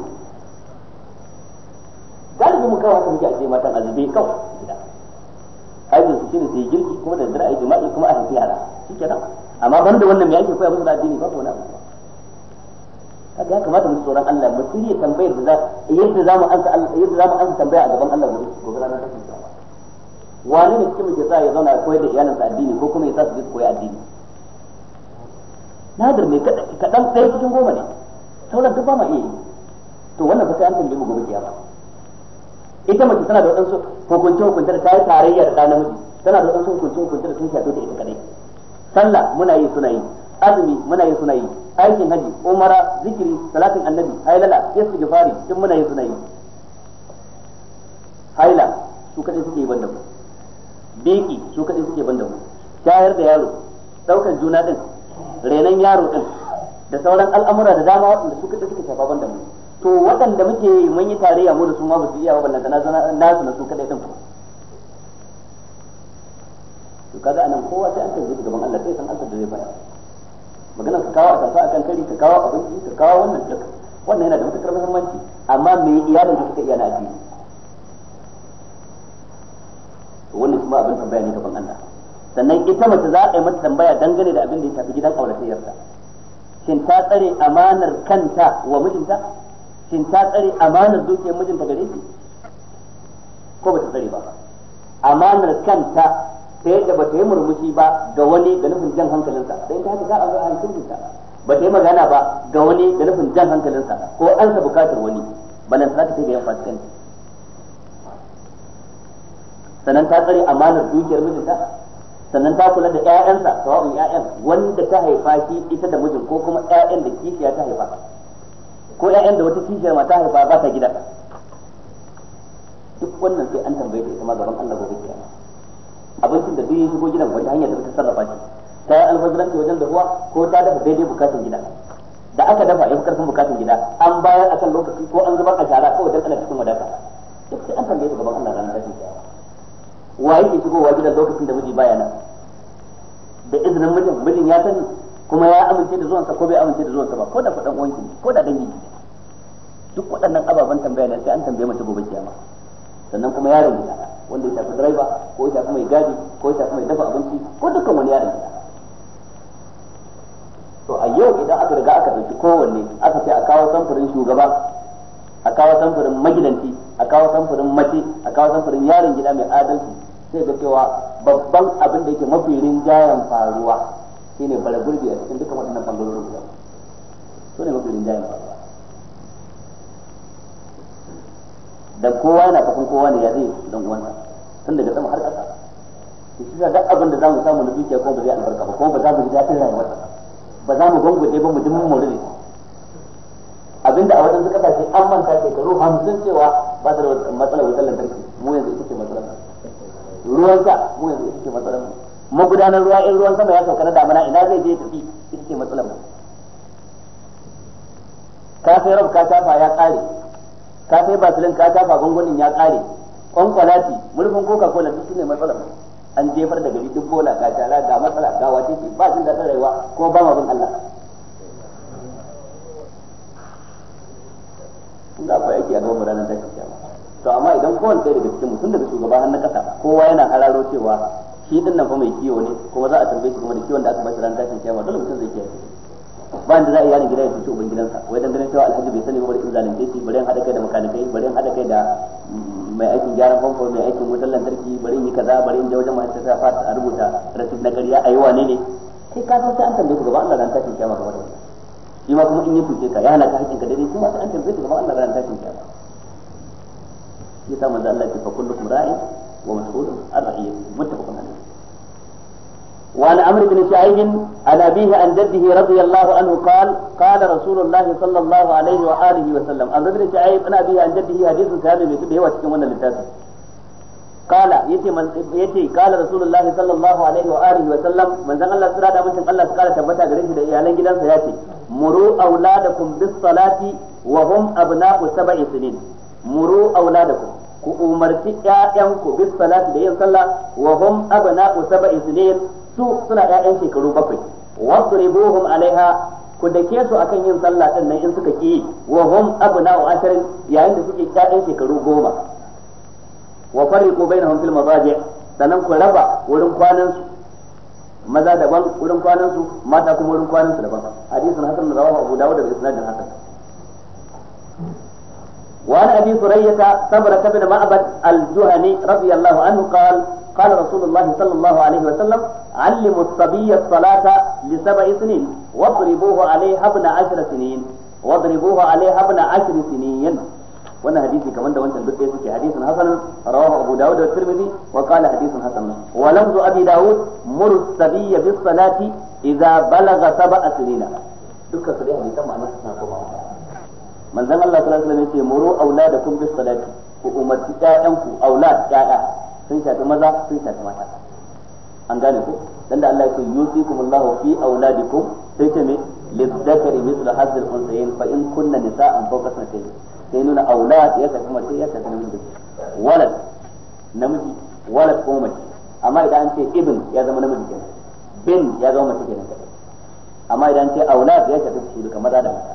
galibin mu kawai sun ji a ce matan azube kawai shine sai girki kuma da dare ai jima'i kuma a haifi yara shikenan amma ban da wannan me ake koya musu da addini ba ko na kaga ya kamata mu tsoron Allah mu shirye tambayar da za yadda zamu ansa yadda zamu ansa tambaya a gaban Allah gobe ranar tashin kiyama wani ne cikin ke sa ya zauna koyar da iyalinsa addini ko kuma ya sa su ji su koyi addini nadir ne kaɗan ɗaya cikin goma ne sauran duk ba ma iya yi to wannan fa sai an tambaye mu gobe kiyama ita mace tana da waɗansu hukunce hukunce da ta yi tarayya da ɗan namiji tana da wasu kunci kunci da sun shafe ta ita kadai sallah muna yi suna yi azumi muna yi suna yi aikin haji umara zikiri salatin annabi hailala istighfari duk muna yi suna yi haila su kadai suke yi banda mu biki su kadai suke banda mu shayar da yaro daukan juna din renan yaro din da sauran al'amura da dama waɗanda su kadai suke shafa banda mu to waɗanda muke mun yi tarayya mu da su ma ba su iya ba ballanta na nasu na su kadai din ku to kaga anan kowa sai an tambaye gaban Allah sai san asar da zai fara. maganar ka kawo a akan kari ka kawo abinci ka kawo wannan duk wannan yana da matukar muhimmanci amma me iyalin ka suka iya na addini to wannan kuma abin tambaya ne gaban Allah sannan ita mace za a yi mata tambaya dangane da abin da ya shafi gidan auratayyarta shin ta tsare amanar kanta wa mijinta shin ta tsare amanar dukiyar mijinta gare shi ko ba ta tsare ba amanar kanta ta yadda ba ta yi murmushi ba ga wani da nufin jan hankalinsa sai ta haka za a zo a ta ba ta yi magana ba ga wani da nufin jan hankalinsa ko an sa bukatar wani balan ta kai ga yan fasikan sannan ta tsare amanar dukiyar mijinta sannan ta kula da ƴaƴansa sawa'un ƴaƴan wanda ta haifa shi ita da mijin ko kuma ƴaƴan da kishiya ta haifa ko ƴaƴan da wata kishiyar ma ta haifa ba ta gida duk wannan sai an tambaye ta ita ma gaban Allah gobe sai ya shigo gidan wata hanyar da ta sarrafa shi ta yi albazuranci wajen dafuwa ko ta dafa daidai bukatun gida da aka dafa ya fi karfin bukatun gida an bayar a kan lokaci ko an zubar a shara kawai dan ana cikin wadata duk sai an kan gaisa gaban Allah ranar tashin waye wa yake shigowa gidan lokacin da miji baya nan da izinin mijin mijin ya sani kuma ya amince da zuwansa ko bai amince da zuwansa ba ko da kuɗin wanki ko da dangi duk waɗannan ababen tambaya ne sai an tambaye mace gobe kiyama sannan kuma yaron gida. wanda ya shafi direba ko ya shafi mai gadi ko ya shafi mai dafa abinci ko dukkan wani yaron gida. to a yau idan aka riga aka ɗauki kowanne aka ce a kawo samfurin shugaba a kawo samfurin magidanci a kawo samfurin mace a kawo samfurin yaron gida mai adalci sai ga cewa babban abin da yake mafi rinjayen faruwa shine bara gurbi a cikin dukkan waɗannan bangarorin gida su ne mafi rinjayen faruwa da kowa yana fafin kowa ne ya zai dan uwansa tun daga sama har ƙasa to shi da abin da zamu samu na dukiya ko ba zai albarka ba ko ba za mu ji daɗin rayuwar ba za mu gungude ba mu ji mun ne abinda a wajen suka tafi an manta karo hamsin cewa ba da matsala wutar lantarki mu yanzu ita ce matsala ruwan sa mu yanzu ita ce matsala magudanar ruwa in ruwan sama ya sauka na damana ina zai je tafi ita ce matsala ka sai rab ka shafa ya kare ka sai basilin ka shafa gungunin ya kare kwalati mulkin coca cola duk ne matsalar an jefar da gari duk bola ga jala ga matsala ga wace ce ba jin da tsarewa ko ba ma bin Allah kun ga fa yake a gaban ranar tashin kiyama to amma idan kowanne sai daga cikin mutum daga shugaba har na ƙasa kowa yana hararo cewa shi din nan fa mai kiyo ne kuma za a tambaye shi kuma da kiwon da aka bashi ranar tashin kiyama dole mutum zai kiyaye ba da za a yi yaron gida ya cuci uban gidansa wai dan ganin cewa alhaji bai sani ba bari in zalunce shi bari in hada kai da makanikai bari in hada kai da mai aikin gyaran famfo mai aikin wutar lantarki bari yi kaza bari yin je wajen masu ta fata a rubuta rasid na ƙarya a yi wane ne sai ka san sai an tambaye ku gaba Allah ran tashin kiyama gaba da shi ma kuma in yi kuke ka ya hana ka haƙƙin ka daidai kuma sai an tambaye ku gaba Allah ran tashin kiyama yasa manzo Allah ya ce fa kullukum ra'ayi wa mas'ulun ar-ra'iyyah muttafaqun alayh وعن عمرو بن سعيد عن أبيه عن جده رضي الله عنه قال قال رسول الله صلى الله عليه وآله وسلم عمرو بن سعيد عن أبيه عن جده حديث كهذا بيتبه وتكمن للتاسع قال يتي من يتي قال رسول الله صلى الله عليه وآله وسلم من ذن الله سرادة من الله قال تبتا غريب دا إيالان جدا سياتي مروا أولادكم بالصلاة وهم أبناء سبع سنين مروا أولادكم ku umarci ƴaƴanku bis salati da yin sallah wa hum abna'u sab'i sinin su suna ƴaƴan shekaru bakwai wasribuhum alaiha ku dake su akan yin sallah din nan in suka ki wa hum wa asharin yayin da suke ƴaƴan shekaru goma wa na bainahum fil madaji' sannan ku raba wurin kwanan su maza daban wurin kwanan su mata kuma wurin kwanan su daban hadisin hasan rawahu abu dawud da isnadin hasan وعن ابي سرية صبرة بن معبد الجهني رضي الله عنه قال قال رسول الله صلى الله عليه وسلم علموا الصبي الصلاة لسبع سنين واضربوه عليها ابن عشر سنين واضربوه عليها ابن عشر سنين wannan hadisi kamar da wancan duk ɗaya suke hadisin hasan rawahu abu dawud da tirmidhi wa qala hadisin hasan wa lafzu abi dawud mur sabiyya salati idza balagha sab'a sinina dukkan su dai hadisan ma'anar su na kuma manzon Allah sallallahu alaihi wasallam yace muru auladakum bis salati ku umarci ƴaƴanku aulad ƴaƴa sun shafi maza sun shafi mata an gane ku dan da Allah ya ce yusikumullahu fi auladikum sai ce me lizzakari mithlu hazzil unsayin fa in kunna nisa'an fawqa sanatayn sai nuna aulad ya tafi mace ya tafi namiji walad namiji walad ko mace amma idan an ce ibn ya zama namiji kenan bin ya zama mace kenan amma idan an ce aulad ya tafi shi duka maza da mata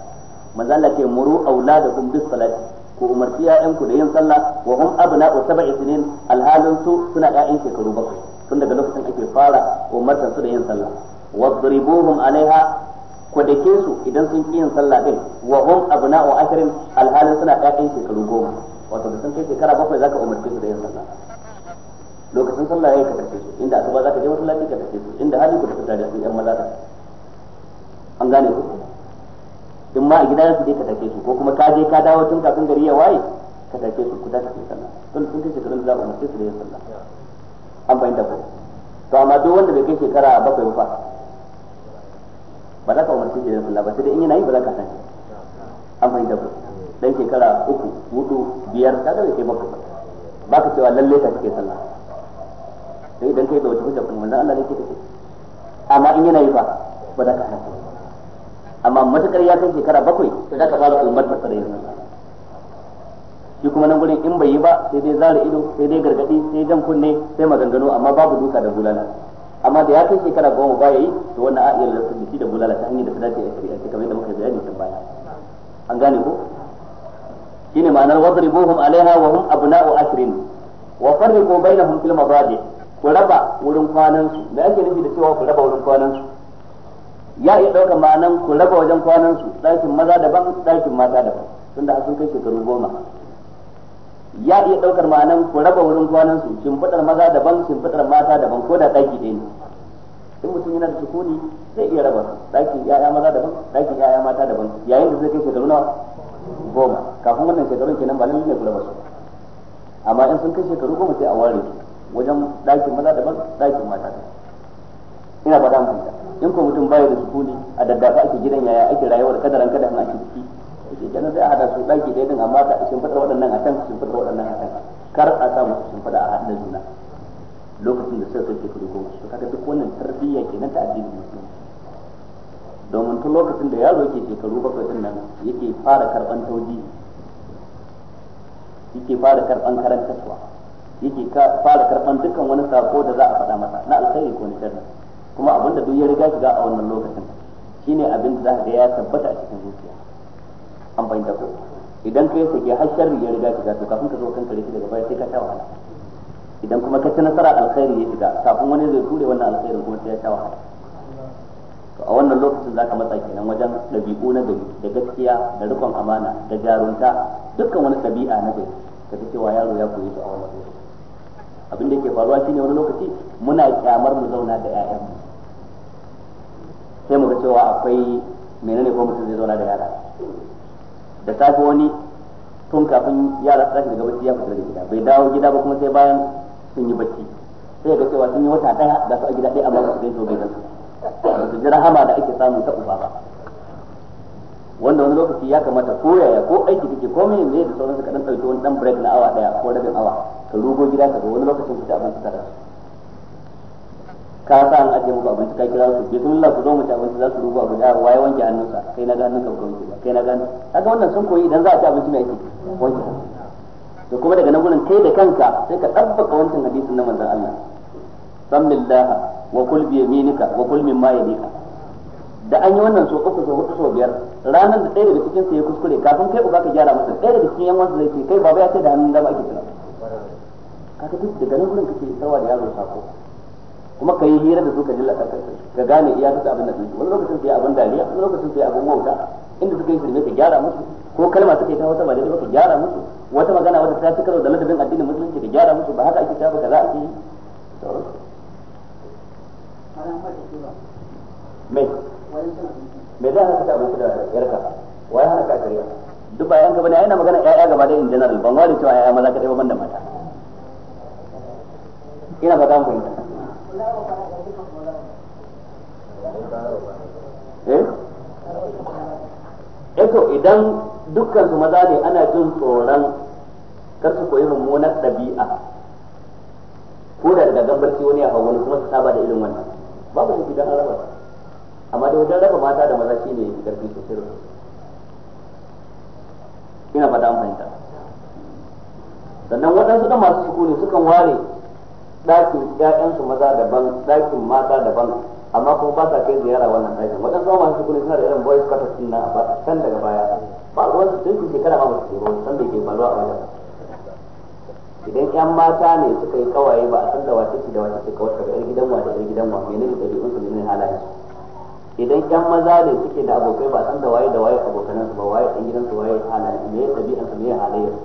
manzo Allah ce muru auladakum bis salati ku umarci 'ya'yanku da yin sallah wa hum abna'u sab'i sinin alhalun su suna 'ya'yan shekaru bakwai tun daga lokacin ake fara umartar su da yin sallah wadribuhum alaiha ku dake su idan sun ki yin sallah din wa hum wa ashrin alhalin suna ƴaƴan shekaru goma wato da sun kai shekara bakwai zaka umarce su da yin sallah lokacin sallah yayi ka tafi su inda asuba zaka je masallaci ka tafi su inda hali ku tafi tare su ƴan maza ka an gane ku in ma a gida su je ka tafi su ko kuma ka je ka dawo tun kafin gari ya waye ka tafi su ku tafi sallah tun sun kai shekarun da za ku umarce su da yin sallah an fahimta ko to amma duk wanda bai kai shekara bakwai ba ba za ka umarci shi da sallah ba sai dai in yana yi ba za ka san an fahimta ko dan shekara uku hudu biyar kaga bai kai bakwai ba ka cewa lalle ka cike sallah sai idan kai da wata hujja kuma manzon Allah ne ke take amma in yana yi fa ba za ka hana amma matakar ya kai shekara bakwai sai za ka fara umarci da sallah shi kuma nan gurin in bai yi ba sai dai zara ido sai dai gargadi sai jan kunne sai maganganu amma babu duka da bulala amma da ya kai shekara goma ba yi to wannan a iya lalata jiki da bulala ta hanyar da ta dace a shari'a kamar yadda muka bayani tun baya an gane ko shine ma'anar wadribuhum alaiha wa hum abna'u ashrin wa farriqu bainahum fil mabadi ku raba wurin kwanan su da ake nufi da cewa ku raba wurin kwanan su ya iya ɗaukar ma'anan ku raba wajen kwanan su ɗakin maza daban ɗakin mata daban tunda da sun kai shekaru goma ya iya daukar ma'anan ku raba wurin kwanan su shimfidar maza daban shimfidar mata daban ko da daki ɗaya ne in mutum yana da sukuni zai iya raba daki yaya maza daban daki yaya mata daban yayin da zai kai shekaru nawa goma kafin wannan shekarun kenan ba lallai ne ku raba su amma in sun kai shekaru goma sai a ware wajen dakin maza daban dakin mata daban ina da mutum in ko mutum baya da sukuni a daddafa ake gidan yaya ake rayuwar kadaran kadan a ciki shi kenan sai a hada su daki ɗaya din amma da shin fada waɗannan a can shin fada waɗannan a can kar a sa musu shin fada a hada juna lokacin da suka kai kudu goma su kaga duk wannan tarbiyya kenan ta addinin musulunci domin tun lokacin da yaro yake shekaru bakwai din nan yake fara karban tauhidi yake fara karban karantarwa yake fara karban dukkan wani sako da za a faɗa masa na alkhairi ko na sharri kuma abinda duk ya riga shiga a wannan lokacin shine abin da za ka ga ya tabbata a cikin zuciya an fahimta ko idan kai sake har sharri ya riga shiga to kafin ka zo kan kare shi daga baya sai ka sha idan kuma ka ci nasara alkhairi ya shiga kafin wani zai ture wannan alkhairin kuma sai ya sha to a wannan lokacin zaka matsa kenan wajen ɗabi'u na gari da gaskiya da rikon amana da jarunta dukkan wani ɗabi'a na gari ka ta cewa yaro ya koyi su a wannan lokacin abin da yake faruwa shine wani lokaci muna kyamar mu zauna da ƴaƴan sai mu ga cewa akwai menene ko mutum zai zauna da yara da safe wani tun kafin yara su tashi daga bacci ya fita daga gida bai dawo gida ba kuma sai bayan sun yi bacci sai ga cewa sun yi wata daya da su a gida ɗaya amma ba su kai so bai ba su ji rahama da ake samun ta uba ba wanda wani lokaci ya kamata ko yaya ko aiki take ko mene ne da sauransu ka dan ɗauki wani dan break na awa daya ko rabin awa ka rugo gida ka ga wani lokacin fita abin tare da su ka sa an ajiye muku abinci ka kira su bismillah ku zo mu ci abinci za su rubu abu da waye wanke hannunsa kai na ga hannunka ba wanke ba kai na ga haka wannan sun koyi idan za a ci abinci mai ake wanke to kuma daga nan gurin kai da kanka sai ka tabbaka wancan hadisin na manzan Allah sammillaha wa kul bi yaminika wa kul mimma yadika da an yi wannan so uku so hudu so biyar ranar da ɗaya daga cikin su ya kuskure kafin kai uba ka gyara masa ɗaya daga cikin yan wasu zai ce kai baba ya ce da hannun dama ake tuna Kaka duk daga nan gurin kake sarwa da yaro sako kuma ka yi hira da su ka jilla ka gane iya kasa abin da su wani lokacin sai abin dariya wani lokacin sai abin wauta inda suka yi shirme ka gyara musu ko kalma suka yi ta wata ba da ka gyara musu wata magana wata ta ci karo da ladabin addinin musulunci ka gyara musu ba haka ake shafa kaza ake yi me me zai hana ka abinci da yarka wai hana ka shari'a duk ba ne bane yana magana ƴaƴa gaba da in general ban ware cewa ƴaƴa maza kadai ba banda mata ina fata mun fahimta Eto eh? eh idan dukkan su maza ne ana jin tsoron kar su koyi mummunar ɗabi'a ko da daga gambarci wani ya hau wani kuma su saba da irin wannan babu su gidan araba amma da wajen raba mata da maza shine ya fi ƙarfi sosai da ina fata an fahimta sannan waɗansu da masu suku ne sukan ware ɗakin ya'yansu maza daban ɗakin mata daban amma kuma ba sa kai ziyara wannan ɗakin waɗansu ma masu kudi suna da irin boys quarters din nan a can daga baya ba ruwan su tun shekara ma ba su ba san da ke faruwa a wajen idan 'yan mata ne suka yi kawaye ba a san da wace ce da wace ce kawai daga 'yar gidan wa da 'yar gidan wa menene ɗabi'unsu halayen su. idan 'yan maza ne suke da abokai ba a san da waye da waye abokanansu ba waye ɗan gidan su waye su me ya su me halayen su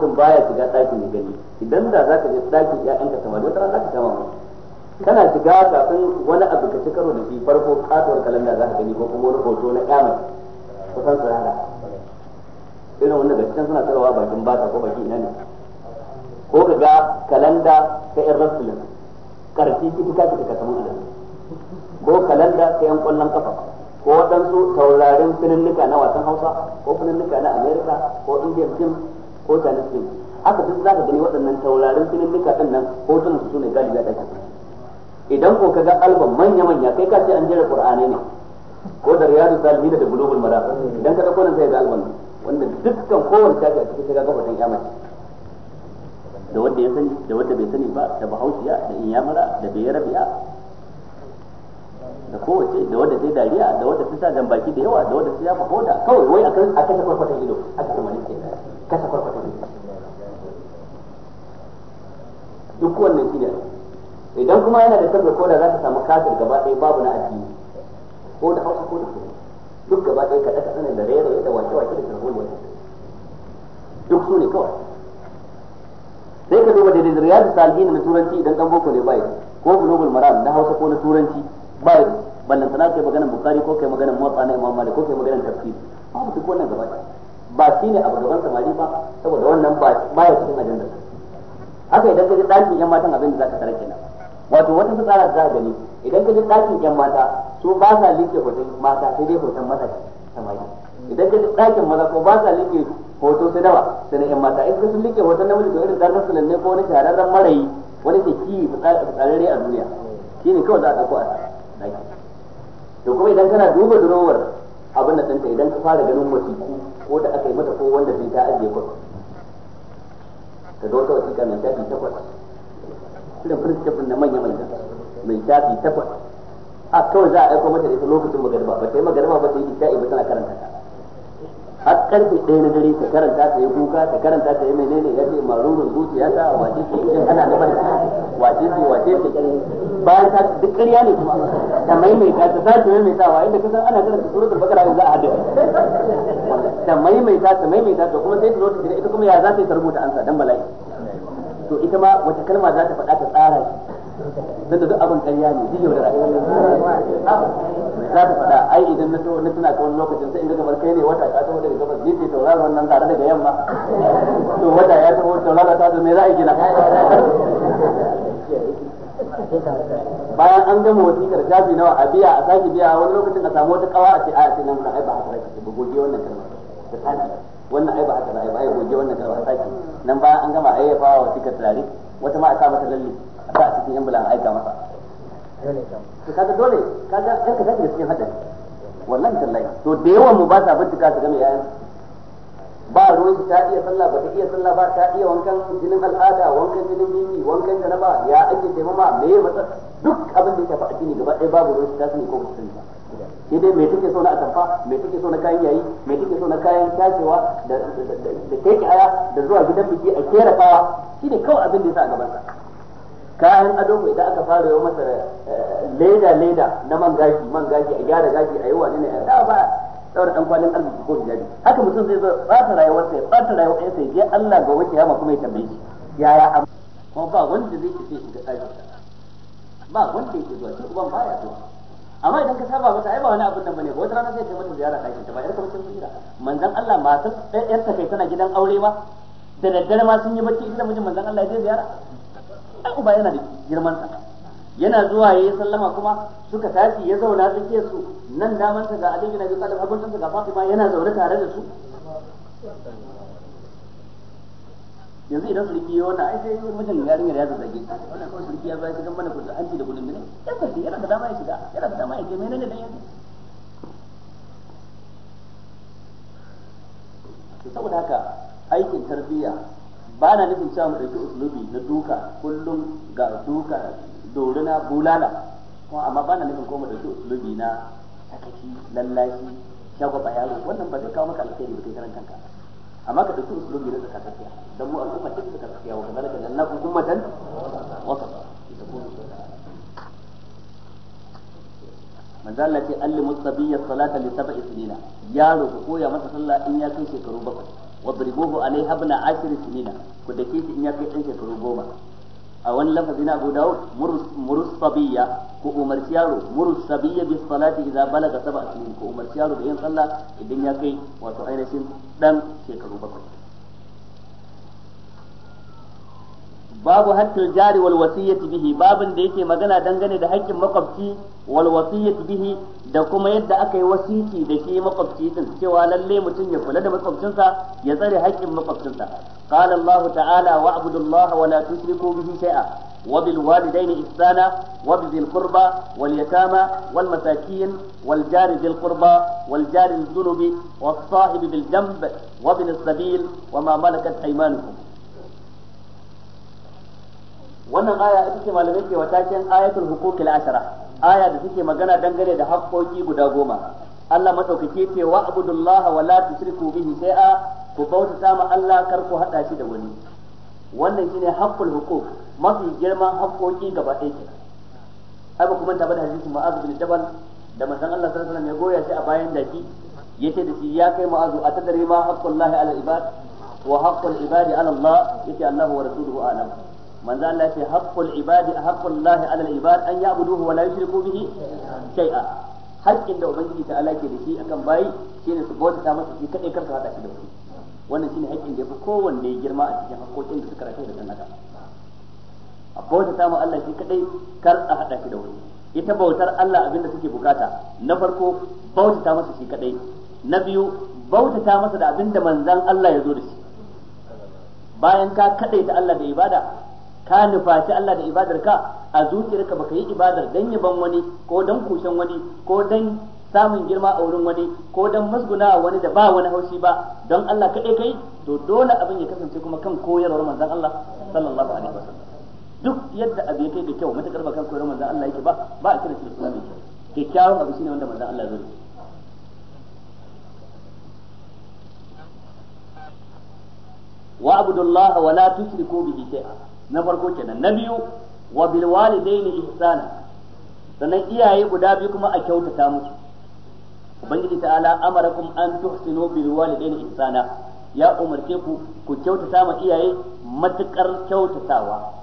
mutum baya shiga ɗakin ya gani idan da zaka je ɗakin ƴaƴanka sama da wata zaka kama musu kana shiga kafin wani abu ka ci karo da shi farko katuwar kalanda zaka gani ko kuma wani hoto na ƙyamar kusan tsirara irin wanda ga cikin suna tsarawa bakin bata ko bakin ina ne ko ka ga kalanda ta ƴan rasulun karfi kitika kitika kasamun alamu ko kalanda ta ƴan ƙwallon kafa ko waɗansu taurarin fininnika na wasan hausa ko fininnika na amerika ko indian film ko nufi haka duk ka gani waɗannan taurarin filin nika din nan hotunan su ne galibi a ɗakin idan ko ka ga alban manya manya kai ka ce an jera ƙur'ani ne ko da riyadu salihin da bulubul mara idan ka dauko nan sai ga alban wanda dukkan kowanne shafi a cikin sai ga gabatan kiyama da wanda ya sani da wanda bai sani ba da bahaushiya da inyamara da bayarabiya da kowace da wadda sai dariya da wadda sai sa baki da yawa da wadda sai ya fahoda kawai wai akan akan ta farfata ido a aka sama da kasa kwarkwata ne duk wannan shi ne idan kuma yana da tabbata ko da za ka samu kafin gaba ɗaya babu na addini ko da hausa ko da kuma duk gaba ɗaya kaɗa kaɗa ne da rere da wake wake da wake duk su ne kawai sai ka duba daidai fi salihin na turanci idan ɗan boko ne bai ko global maram na hausa ko na turanci bai ballantana sana kai maganan bukari ko kai maganan motsa na imam malik ko kai maganan tafsir babu duk wannan gaba ɗaya ba shi ne abu gaban samari ba saboda wannan ba ma ya cikin ajandar haka idan ka ji ɗakin yan matan abin da za ka kenan wato wata fitsara za a gani idan ka ji ɗakin yan mata su ba sa liƙe hoton mata sai dai hoton mata samari idan ka ji ɗakin maza ko ba sa liƙe hoto sai dawa sai na yan mata in ka sun liƙe hoton namiji ko irin zarfin sulanne ko wani shahararren marayi wani ke kiyi fitsararre a duniya shi ne kawai za a ɗauko a ɗaki to kuma idan kana duba durowar abin da ɗinta idan ka fara ganin wasiku ko da aka yi mata ko wanda zai ta ajiye kwa ka zo wata wasiƙa mai shafi takwas irin firistifin na manya manya mai shafi takwas a kawai za a aiko mata da ita lokacin magarba ba ta yi magarba ba ta yi isha'i ba tana karanta ta har karfe ɗaya na dare ka karanta ta yi kuka ta karanta ta yi menene ya ce marurin zuciya ta wace ce in ana da barci wace ce wace ce bayan ta duk ƙarya ne kuma ta maimaita ta sa ta maimaita wa inda kasan ana karanta suratul bakara in za a hadin ta maimaita ta maimaita to kuma sai ta zo ta ita kuma ya za ta yi ta rubuta ansa dan bala'i to ita ma wata kalma za ta faɗa ta tsara shi da duk abin ƙarya ne duk yau da rayuwa za ta faɗa ai idan na so na tuna ka wani lokacin sai in ga kamar kai ne wata ka taho daga gabas ni ce tauraro nan tare daga yamma to wata ya taho tauraro ta zo me za a gina bayan an gama wasiƙar shafi nawa a biya a sake biya wani lokacin a samu wata kawa a ce a ce nan ai ba haka kake ba goge wannan kalmar da sake wannan ai ba haka ba ai goge wannan kalmar a sake nan bayan an gama ai ya fara wasiƙar turare wata ma a sa mata lalle a sa a cikin yan bulan aika masa to kaga dole kaga kar ka sake cikin hadari wallahi tallahi to da yawan mu ba sa bincika su game yayin ba ruwan ta iya sallah ba ta iya sallah ba ta iya wankan jinin al'ada wankan jinin mimi wankan janaba ya ake taimama me ya matsa duk abin da ya shafi addini gaba ɗaya babu ruwan ta sani ko ba sani ba sai dai me take so na atamfa me take so na kayan yayi me take so na kayan tashewa da da take aya da zuwa gidan biki a kera fawa shine kawai abin da ya sa a gaban sa kayan ado mai da aka fara yau masa eh, leda leda na man gashi man gashi a gyara gashi a yi wani ne a ba daura dan kwalin arziki ko jari haka mutum zai zo tsata rayuwarsa ya tsata rayuwarsa ya je Allah ga wake hama kuma ya tambaye shi yaya am kuma ba wanda zai ce shi ga tsari ba wanda yake zuwa shi uban baya zuwa amma idan ka saba masa ai ba wani abin da bane ba wata rana sai kai mata ziyara ɗakin ta ba yar kamar sun jira manzon Allah matar ɗayar ta kai tana gidan aure ma da daddare ma sun yi bacci ita da mijin manzon Allah ya je ziyara ai uba yana da girman sa yana zuwa yayi sallama kuma suka tashi ya zauna tsakiyar su nan daman sa ga Ali bin Abi Talib hagun sa ga Fatima yana zaune tare da su yanzu idan sulki ya wannan ai sai mijin yarinyar ya zazzage ta wannan kawai sulki ya zai cikin mana kudu anti da gudun ne ya kace yana da dama ya shiga yana da dama ya ke menene dan yanzu saboda haka aikin tarbiyya ba na nufin cewa mu ɗauki usulubi na duka kullum ga duka na bulala kuma amma ba na nufin ko mu ɗauki usulubi na sakaci lallashi shago yaro wannan ba zai kawo maka alkhairi ba kai karan kanka amma ka ɗauki usulubi na tsakatsakiya dan mu al'umma ce tsakatsakiya wa kazalika lanakum ummatan wasata manzo Allah ce allimu sabiyya salata li sab'i sinina yaro ko koya masa sallah in ya kai shekaru bakwai wadribuhu alaiha ibn ashirin sinina ku dake shi in ya kai ɗan shekaru goma a wani lafazi na Abu Dawud murus sabiyya ku umarci yaro murus sabiyya bi salati idan balaga sab'a sinin ku umarci yaro da yin sallah idan ya kai wato ainihin dan shekaru bakwai babu haqqil jari wal wasiyyati bihi babin da yake magana dangane da haƙƙin makwabci wal wasiyyati bihi da kuma yadda aka yi wasiki da shi makwabci din cewa lalle mutum ya kula da makwabcinsa ya tsare haƙƙin makwabcinsa qala Allah ta'ala wa'budu Allah wa la tushriku bihi shay'a wa bil walidayni ihsana wa bil qurba wal yatama wal masakin wal jari bil qurba wal jari wa bil sabil wannan aya ita ce malamai ta ce ayatul hukukil ashara aya da suke magana dangane da haƙƙoƙi guda goma Allah madaukake ce wa abudullah wa la sai bihi shay'a ku bauta ma Allah kar ku hada shi da wani wannan shine haqqul hukuk mafi girman haƙƙoƙi gaba ɗaya kenan haka kuma ta hadisin ma'az bin jabal da manzon Allah sallallahu alaihi wasallam ya goya shi a bayan daki yace da shi ya kai ma'azu a tadari ma haqqullahi ala ibad wa haqqul ibadi ala Allah yace Allahu wa rasuluhu a'lam manzo Allah ya ce haqqul ibadi haqqul lahi ala ibad an ya'buduhu wa la yushriku bihi shay'a haƙƙin da ubangiji ta Allah ke da shi akan bayi shine su bauta masa shi kadai kar ka hada shi da wani wannan shine haƙƙin da yafi kowanne girma a cikin haƙƙoƙin da suka rafe da sannaka a bauta ta Allah shi kadai kar a hada shi da wani ita bautar Allah abinda suke bukata na farko bauta ta masa shi kadai na biyu bauta ta masa da abinda manzan Allah ya zo da shi bayan ka kadaita Allah da ibada ka nufaci Allah da ibadar ka a zuciyarka baka yi ibadar dan yaban wani ko dan kushen wani ko dan samun girma a wurin wani ko dan musguna wani da ba wani haushi ba don Allah kaɗai kai to dole abin ya kasance kuma kan koyarwar manzon Allah sallallahu alaihi wasallam duk yadda abu ya kai da kyau matakar ba kan koyarwar manzon Allah yake ba ba a kira shi da kyau kyakkyawan abu shine wanda manzon Allah zai wa abdullahi wa la tushriku bihi shay'a na farko kenan na biyu wa bil walidaini ihsana sannan iyaye guda biyu kuma a kyautata musu ubangiji ta'ala amarakum an tuhsinu bil walidaini ihsana ya umarce ku ku kyautata ma iyaye matukar kyautatawa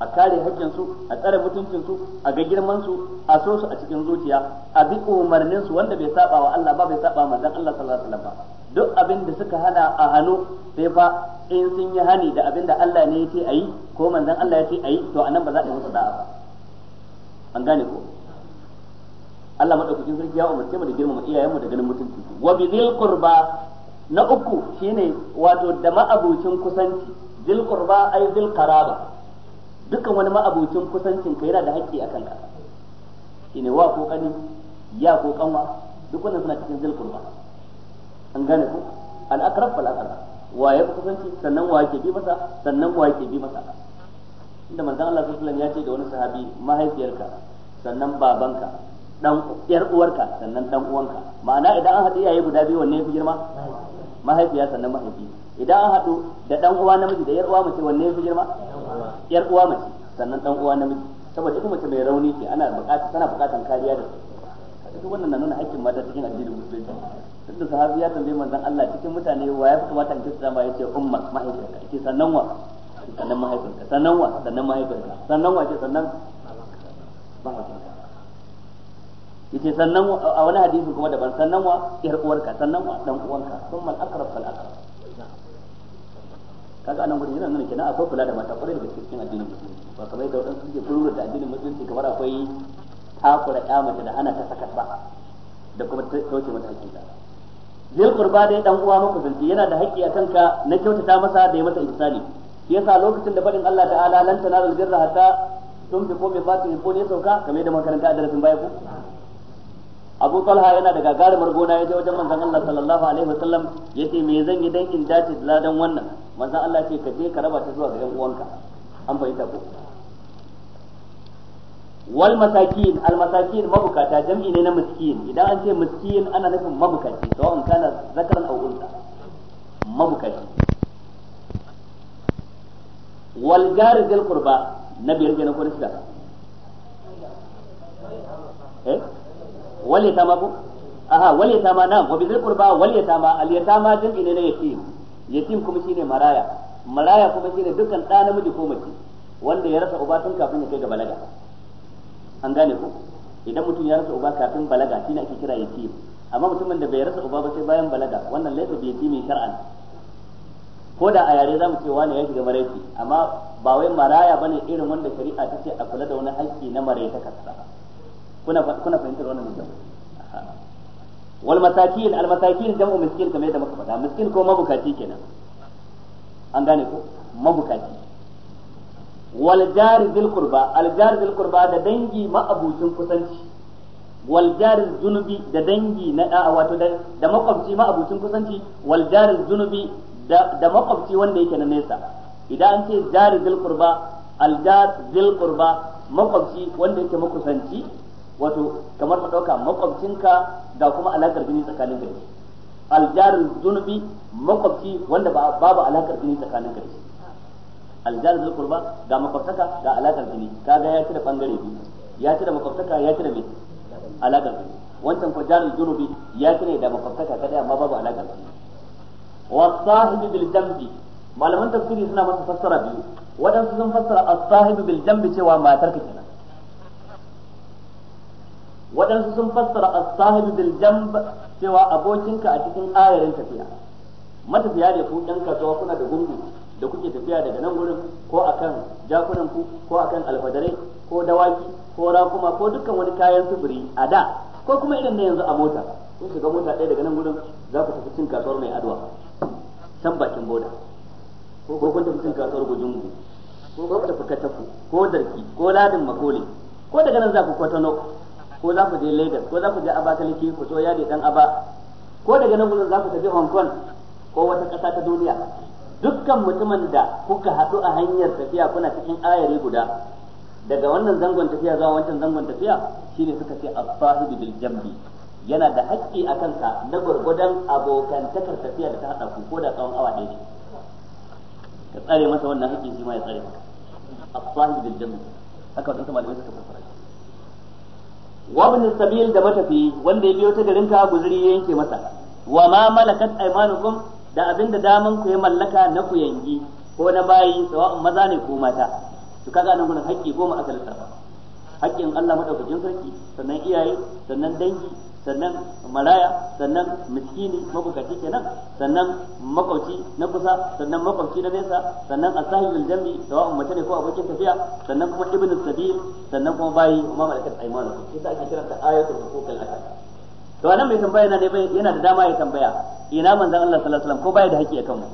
a kare su a tsare mutuncinsu a ga girmansu a so su a cikin zuciya a bi umarninsu wanda bai saba wa Allah ba bai saba manzon Allah sallallahu alaihi wasallam ba duk abin da suka hana a hannu sai fa in sun yi hani da abin da Allah ne ya ce ayi ko manzon Allah ya ce ayi to anan ba za a yi musu da'a ba an gane ko Allah madaukakin sarki ya umarce mu da girmama iyayenmu da ganin mutunci wa bi dhil qurba na uku shine wato da ma'abucin kusanci dhil qurba ay dhil qaraba dukkan wani ma'abucin kusancin ka yana da haƙƙi a kanka shine wa ko kani ya ko kanwa duk wannan suna cikin zilkul ba an gane ku al aqrab fal aqrab wa ya kusanci sannan wa yake bi masa sannan wa yake bi masa inda manzon Allah sallallahu alaihi wasallam ya ce da wani sahabi mahaifiyarka sannan babanka dan yar uwarka sannan dan uwanka ma'ana idan an haɗu iyaye guda biyu wanne ya fi girma mahaifiya sannan mahaifi idan an haɗu da ɗan uwa namiji da yar uwa mace wanne yafi girma yar uwa mace sannan ɗan uwa namiji saboda ita mace mai rauni ce ana buƙatar tana buƙatar kariya da su duk wannan na nuna hakkin mata cikin addinin musulunci duk da sahabi ya tambaye manzon Allah cikin mutane wa ya fi kamata in kisa ma yace umma mahaifinka ake sannan wa sannan mahaifinka sannan wa sannan mahaifinka sannan wa ce sannan mahaifinka yace sannan a wani hadisi kuma daban sannan wa yar uwarka sannan wa dan uwanka sannan al-aqrab fal-aqrab kaga anan gurin yana nuna kenan akwai kula da mata kwarai daga cikin addinin musulunci ba kamar yadda wadansu suke gurura da addinin musulunci kamar akwai takura ya mace da ana ta sakat ba da kuma kauce mata ta zil qurba dai dan uwa muku zunci yana da hakki akan ka na kyautata masa da ya masa ihsani shi yasa lokacin da barin Allah ta'ala lan tanalul birra hatta tunfiqu min fatin ko ne sauka kamar yadda makaranta a darasin baya ku Abu Talha yana da gagarumar gona ya je wajen manzon Allah sallallahu alaihi wasallam yace me zan yi dan in dace da ladan wannan manzon Allah ce ka je ka raba ta zuwa ga yan uwanka an fahimta ko wal masakin al masakin mabukata jam'i ne na miskin idan an ce miskin ana nufin mabukaci an kana zakaran aw unta mabukaci wal jar dil qurba nabi yake na kurista. eh wal yatama ko aha wal yatama na wa bizil qurba wal yatama al yatama jam'i ne na yatim yatim kuma shine maraya maraya kuma shine dukkan da namiji ko mace wanda ya rasa uba tun kafin ya kai ga balaga an gane ko idan mutum ya rasa uba kafin balaga shine ake kira yatim amma mutumin da bai rasa uba ba sai bayan balaga wannan laifin bai yatimin shar'an ko da a yare zamu ce wani ya shiga maraici amma ba wai maraya bane irin wanda shari'a ta ce a kula da wani haƙƙi na maraita kasa kuna kuna fahimtar wannan mutum wal masakin al masakin jam'u miskin kamar yadda muka faɗa miskin ko mabukaci kenan an gane ko mabukaci wal jari zil qurba al jari zil qurba da dangi ma'abucin kusanci wal jari zunubi da dangi na da'a wato da makwabci ma'abucin kusanci wal jari zunubi da makwabci wanda yake na nesa idan an ce jari zil qurba al jari zil qurba makwabci wanda yake makusanci wato kamar mu dauka makwabcinka da kuma alakar jini tsakanin ka aljarul zunubi makwabci wanda babu alakar jini tsakanin ka aljarul qurba ga makwabtaka ga alakar jini kaga ya cire bangare biyu ya cire makwabtaka ya cire me alakar jini wancan ko jarul zunubi ya cire da makwabtaka kada amma babu alakar jini wa sahibi bil jambi malaman tafsiri suna masa fassara biyu wadansu sun fassara as-sahibi bil jambi cewa matar ka kenan waɗansu sun fassara a sahibi bil jamba cewa abokinka a cikin ayarin tafiya matafiya ne ku ɗan kasuwa kuna da gungu da kuke tafiya daga nan gurin ko akan jakunan ku ko akan alfadarai ko dawaki ko rakuma ko dukkan wani kayan sufuri a da ko kuma irin na yanzu a mota kun shiga mota ɗaya daga nan gurin za ku tafi cin kasuwar mai adwa can bakin boda ko kun tafi cin kasuwar gujungu ko ku tafi katafu ko darki ko ladin makole ko daga nan za ku kwatano ko za ku je Lagos ko za ku je Abakaliki ku so yadi dan aba ko daga nan gudun za ku tafi Hong Kong ko wata ƙasa ta duniya dukkan mutumin da kuka haɗu a hanyar tafiya kuna cikin ayari guda daga wannan zangon tafiya zuwa wancan zangon tafiya shine suka ce as-sahibu bil jambi yana da haƙƙi a kanka na gurgudan abokantakar tafiya da ta haɗa ku ko da tsawon awa ɗaya ne ka tsare masa wannan haƙƙi shi ma ya tsare maka as-sahibu bil jambi haka wannan malamai suka fara wabin sabil da matafiyi wanda ya biyo ta garin ka guzuri ya yanke masa wa ma malakat aymanukum da abinda daman ku ya mallaka na ku yangi ko na bayi sawa'un maza ne ko mata to kaga nan gurin hakki goma asalin sarfa haƙƙin Allah madaukakin sarki sannan iyaye sannan dangi sannan maraya sannan miskini mabukaci kenan sannan makauci na kusa sannan makauci na nesa sannan asahibul jambi sawa'un mace ne ko abokin tafiya sannan kuma ibn sabil sannan kuma bayi ma malakat aymanu kisa ake kiranta ayatul hukukul akal to anan mai tambaya yana da yana da dama ya tambaya ina manzon Allah sallallahu alaihi wasallam ko bai da haƙƙi akan mu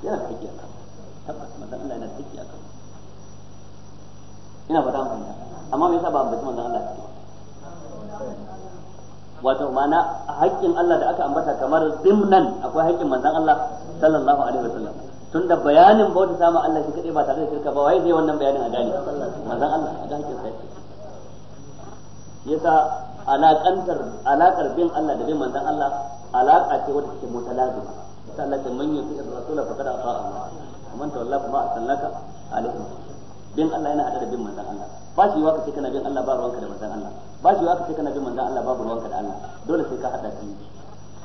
yana da haƙƙi akan tabbas manzon Allah yana da haƙƙi akan ina fata mun amma me yasa ba ambaci manzon Allah cikin wato ma'ana haƙƙin Allah da aka ambata kamar zimnan akwai haƙƙin manzon Allah sallallahu alaihi wasallam tunda bayanin bauta sama Allah shi kaɗai ba tare da shirka ba wai zai wannan bayanin a gane manzon Allah a ga haƙƙin sa yasa alaƙantar alaƙar bin Allah da bin manzon Allah alaƙa ce wadda take mutalazima sai Allah ya manya fi rasul fa kada ta'a man tawalla fa ma sallaka alaihi bin Allah yana hada da bin manzon Allah ba shi wa ka ce kana bin Allah ba ruwanka da manzon Allah ba shi wa ka ce kana bin manzon Allah ba ruwanka da Allah dole sai ka hada shi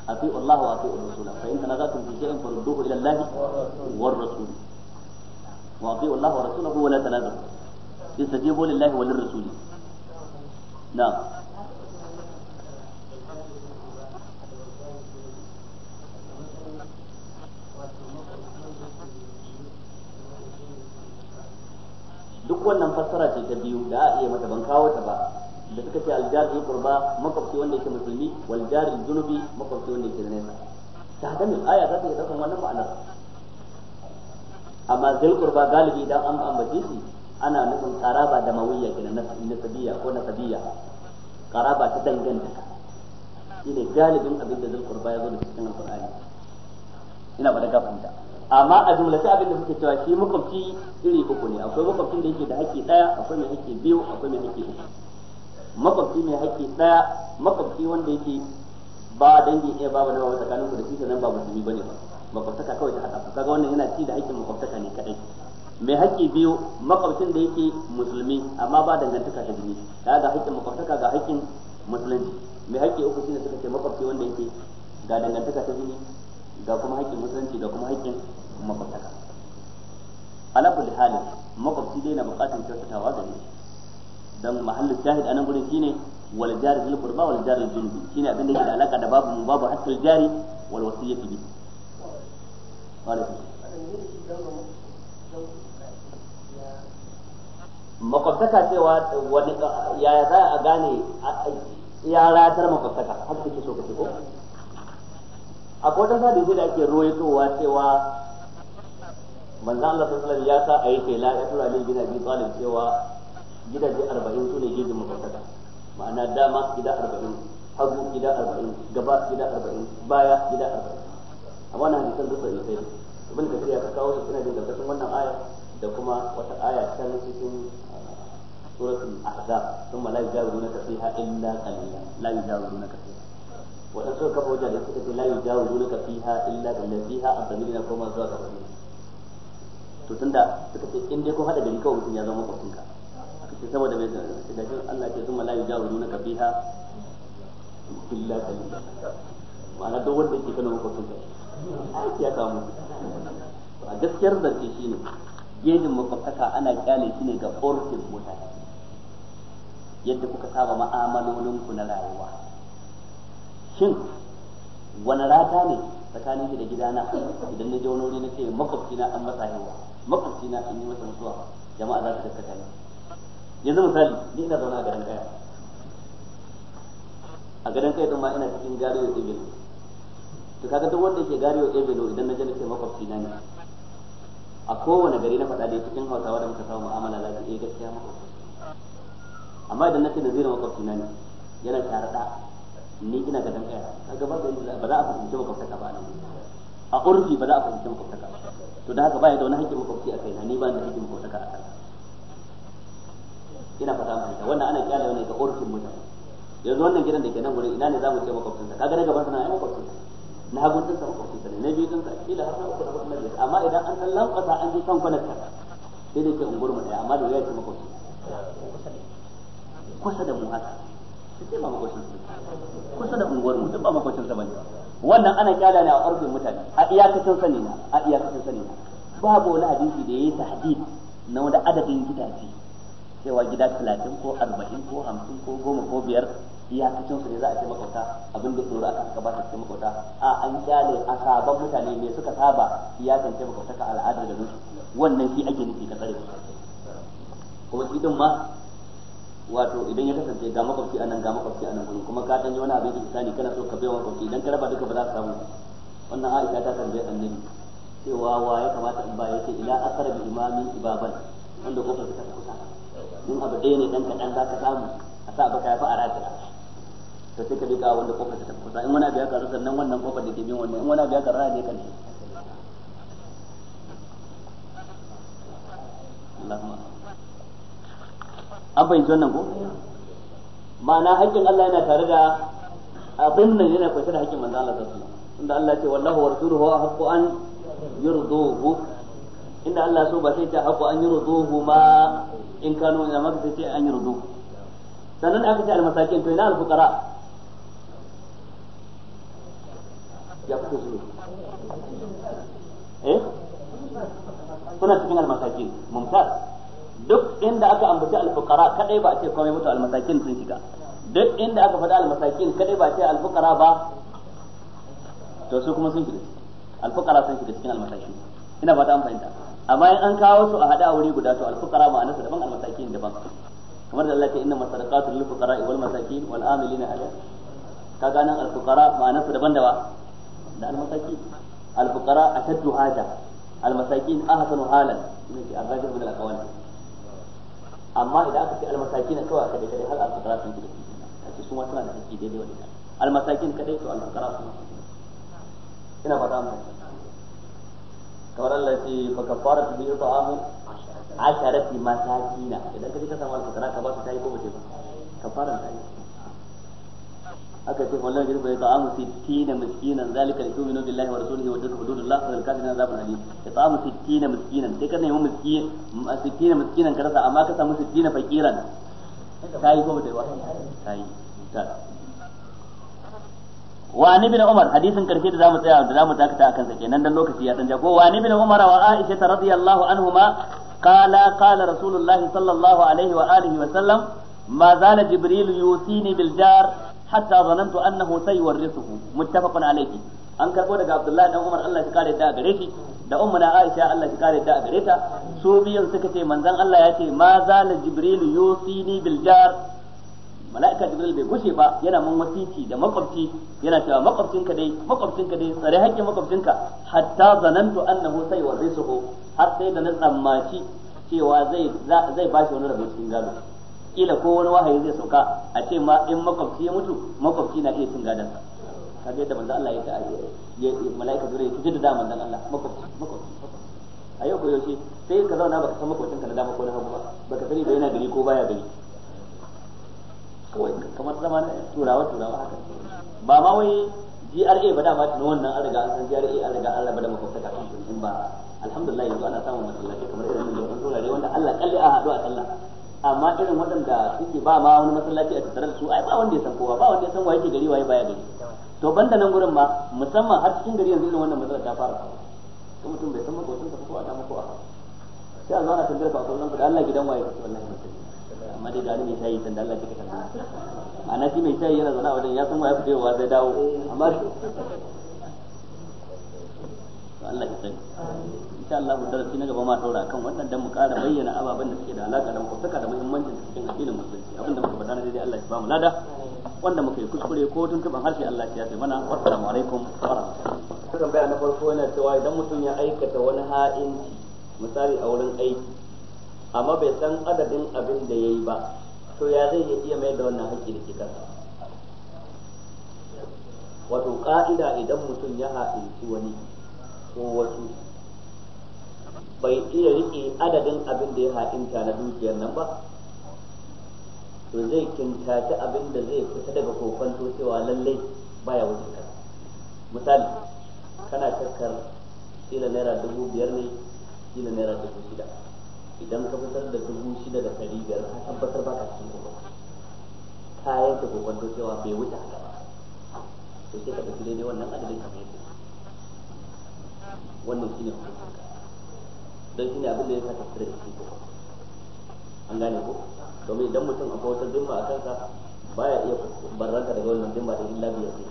afi Allah wa afi Rasul fa in tanazatum fi shay'in farudduhu ila Allah wa Rasul wa afi Allah wa Rasulahu wa la tanazamu istajibu lillahi wa lirrasuli na'am duk wannan fassara ce ta biyu da a iya mata ban kawo ta ba da suka ce aljar zai kurba makwabci wanda yake musulmi wal jar junubi makwabci wanda yake nesa ta hada min aya za ta iya daukan wannan ma'anar amma zai kurba galibi idan an ambace shi ana nufin karaba da mawiyya na nasabiya ko nasabiya karaba ta dangantaka shine galibin abin da zai kurba ya zo da cikin alqur'ani ina ba da gafanta amma a jumlace abin da suke cewa shi makwabci iri uku ne akwai makwabcin da yake da haƙƙi ɗaya akwai mai haƙƙi biyu akwai mai haƙƙi uku makwabci mai haƙƙi ɗaya makwabci wanda yake ba dangin iya babu wata tsakanin ku da shi sanan ba musulmi bane ba makwabtaka kawai ta haɗa kaga wannan yana ci da haƙƙin makwabtaka ne kaɗai. mai haƙƙi biyu makwabcin da yake musulmi amma ba dangantaka ta jini kaga haƙƙin makwabtaka ga haƙƙin musulunci mai haƙƙi uku shine suka ce makwabci wanda yake ga dangantaka ta jini ga kuma haƙƙin musulunci ga kuma haƙƙin makwabtaka ala kulli halin makwabci dai na buƙatar kyautatawa gare shi dan mahallin shahid anan gurin shine wal jari bil qurba wal jari al junubi shine abin da yake da alaka da babu mu babu hatta al jari wal wasiyati bi makwabtaka cewa wani yaya za a gane ya ratar makwabtaka haka kake so ka ce ko a wata sa da da ake roye towa cewa manzan Allah sallallahu alaihi wasallam ya sa a yi tela ya tura lil bin bi Talib cewa gidaje 40 sune gidan mutaka ma'ana dama gida 40 hagu gida 40 gaba gida 40 baya gida 40 amma wannan hadisan duk sai sai ibn kafir ya kawo shi ina da kasan wannan aya da kuma wata aya ta cikin ah, suratul ahzab thumma la yajawiruna fiha illa qalila la yajawiruna fiha wadan suka kafa wajen da suka ce la yujawizu kafi fiha illa billati fiha a dalilina na koma zuwa kafin to tunda suka ce in dai kun hada gari kawai mutum ya zama makwabcinka aka ce saboda mai da Allah ce zuma la yujawizu kafi fiha illa qalila ma'ana duk wanda yake kana makwabcinka ai ya kamu a gaskiyar zance ne, gejin makwabtaka ana kyale shi ne ga orfin mutane yadda kuka saba ma'amalolinku na rayuwa shin wani rata ne tsakanin shi da gidana idan na je wani wuri na ce makwabci na an masa yawa makwabcina na an yi masa mutuwa jama'a za su gaskata ni yanzu misali ni ina zauna a garin kaya a garin kaya din ma ina cikin gari wa ebelo to kaga duk wanda yake gari wa ebelo idan na je na ce makwabci na ne a kowane gari na faɗa da cikin hausawa da muka samu mu'amala za su iya eh, gaskiya makwabcina amma idan na ce nazirin makwabci na ne yana tare da ne gina ga dan kaya kaga ba ba za a fahimci makwabtaka ba nan a urfi ba za a fahimci makwabtaka ba to da haka baya da wani hakkin makwabci a kaina ni ba da hakkin makwabtaka a kaina ina fata mai da wannan ana kyale ne ga urfin mutum yanzu wannan gidan da ke nan gurin ina ne zamu ce makwabcin sa kaga na gaban sana ai makwabcin sa na hagu din sa makwabcin sa ne na biyu din sa kila har na uku na hudu amma idan an san lankwasa an ji san kwanar sai dai ke ungurmu daya amma da wuya ce makwabcin kusa da mu haka kusa da unguwar duk ba sa bane wannan ana kyala ne a arzikin mutane a iyakacin sani na a iyakacin sani na babu wani hadisi da yayi tahdid na wani adadin gidaje cewa gida 30 ko 40 ko 50 ko 10 ko 5 iyakacin su ne za a ce makauta abin da tsoro aka saka ba ta ce makauta a an kyale a sabon mutane ne suka saba iyakance makauta ka al'adar da nufi wannan shi ake nufi ka tsare kuma shi din ma wato idan ya kasance ga makwabci anan ga makwabci anan gurin kuma ka danyi wani abin ihsani kana so ka bai wa makwabci idan ka raba duka ba za ka samu wannan Aisha ta tambaye annabi cewa wa ya kamata in ba yake ila akara bi imami ibaban wanda kofar ta kusa in abu ɗaya ne dan kaɗan za ka samu a sa baka yafi a rata to sai ka bi ka wanda kofar ta kusa in wani abu ya karu sannan wannan kofar da ke bin wannan in wani abu ya karu ne kan Allahumma an fahimci wannan ko ma'ana haƙƙin Allah yana tare da abin nan yana kwace da haƙƙin manzo Allah sallallahu alaihi wasallam inda Allah ce wallahu wa rasuluhu haqqu an yurduhu inda Allah so ba sai ta haqqu an yurduhu ma in kanu ina maka sai ce an yurduhu sannan aka ce almasakin to ina alfuqara ya fito zuwa eh kuna cikin almasakin mumtaz duk inda aka ambaci alfukara kadai ba a ce komai mutu almasakin sun shiga duk inda aka faɗi almasakin kadai ba a ce alfukara ba to su kuma sun shiga alfukara sun shiga cikin almasakin ina ba ta an fahimta amma in an kawo su a hada wuri guda to alfukara ma'anarsa daban almasakin daban kamar da Allah ke inna masadaqatu lil fuqara wal masakin wal amilina alaiha kaga nan alfukara ma'anarsa daban da ba da almasakin alfukara ashaddu haja almasakin ahsanu halan ne ke arrajih min alqawani amma idan aka ce almasakin kawai aka dai kadai har alfaqara sun kike a ce su ma suna da hakki daidai wani almasakin kadai to alfaqara sun ina fata mu kamar Allah ya ce fa kafaratu bi ta'amu asharati masakina idan kaje ka samu alfaqara ka ba su tayi ko ba ce ba kafaran tayi aka ce wallan jirba ya ta'amu sittina miskinan zalika li tu'minu billahi wa rasulihi wa tadhkuru hududullah wal kafirin azabun alim ya ta'amu sittina miskinan dai ka nemi miskin sittina miskinan ka rasa amma ka samu sittina fakiran kai ko bai wa kai wa ani bin umar hadisin karshe da zamu tsaya da zamu dakata akan sa kenan dan lokaci ya dan jago wa ani bin umar wa aisha radhiyallahu anhuma qala qala rasulullah sallallahu alaihi wa alihi wa sallam ma zala jibril yusini bil jar hatta zanantu annahu sayuwarrisuhu muttafaqun alayhi an karbo daga Abdullahi dan Umar Allah ya kare ta gare shi da na Aisha Allah ya kare ta a gareta su biyan suka ce manzon Allah ya ce ma zala jibril yusini bil jar mala'ika jibril bai gushe ba yana mun wasiti da makwabci yana cewa makwabcinka dai makwabcinka dai tsare hakkin makwabcinka hatta zanantu annahu sai sayuwarrisuhu har sai da na tsammaci cewa zai zai bashi wani rabo cikin gado kila ko wani wahayi zai sauka a ce ma in makwabci ya mutu makwabci na iya cin gadansa kaga yadda manzo Allah ya ta ya malaika zure ya da daman dan Allah makwabci makwabci a yau ko yaushe sai ka zauna baka san makwabcin ka na dama ko na hagu ba baka sani ba yana gari ko baya gari kawai kamar zama na turawa turawa haka ba ma wai GRA ba dama tun wannan an riga an san GRA an riga an raba da kan in ba alhamdulillah yanzu ana samun masallaci kamar irin wannan ne wanda Allah kalli a haɗu a sallah amma irin waɗanda suke ba ma wani masallaci a tattare da su ai ba wanda ya san kowa ba wanda ya san waye ke gari waye baya gari to banda nan gurin ma musamman har cikin gari yanzu irin wannan matsalar ta fara to mutum bai san makocin sa ko a dama ko a sai a zauna tambayar ka a kullum da Allah gidan waye kake wallahi amma dai gari mai shayi tunda Allah kike tambaya ma'ana shi mai shayi yana zauna a wajen ya san waye fitewa zai dawo amma Allah ya sani insha Allah darasi na gaba ma daura kan wannan dan mu ƙara bayyana ababen da suke da alaka da mu saka da muhimmanci cikin addinin musulunci abinda muka faɗa na daidai Allah ya ba mu lada wanda muka yi kuskure ko tun tuntuban harshe Allah ya sai mana assalamu alaikum wa rahmatullahi tambaya na farko yana cewa idan mutum ya aikata wani ha'inci misali a wurin aiki amma bai san adadin abin da yayi ba to ya zai iya mai da wannan haƙƙi da ke kansa wato ka'ida idan mutum ya ha'inci wani ko wasu bai iya riƙe adadin abin da ya ha'inta na dukiyar nan ba to zai kintaci abin da zai fita daga to cewa lallai baya wajen kaza misali kana cakar kila naira dubu biyar ne kila naira dubu shida idan ka fitar da dubu shida da ɗari biyar ka tabbatar ba ka cikin kokonto ka yanke to cewa bai wuce haka ba to sai ka ɗauki daidai wannan adadin kamar yadda wannan shine hukuncin don ne abin da ya saka da shi cikin an gane ko domin idan mutum akwai wata dimma a kansa baya iya barranta daga wannan dimma da illa biyar ne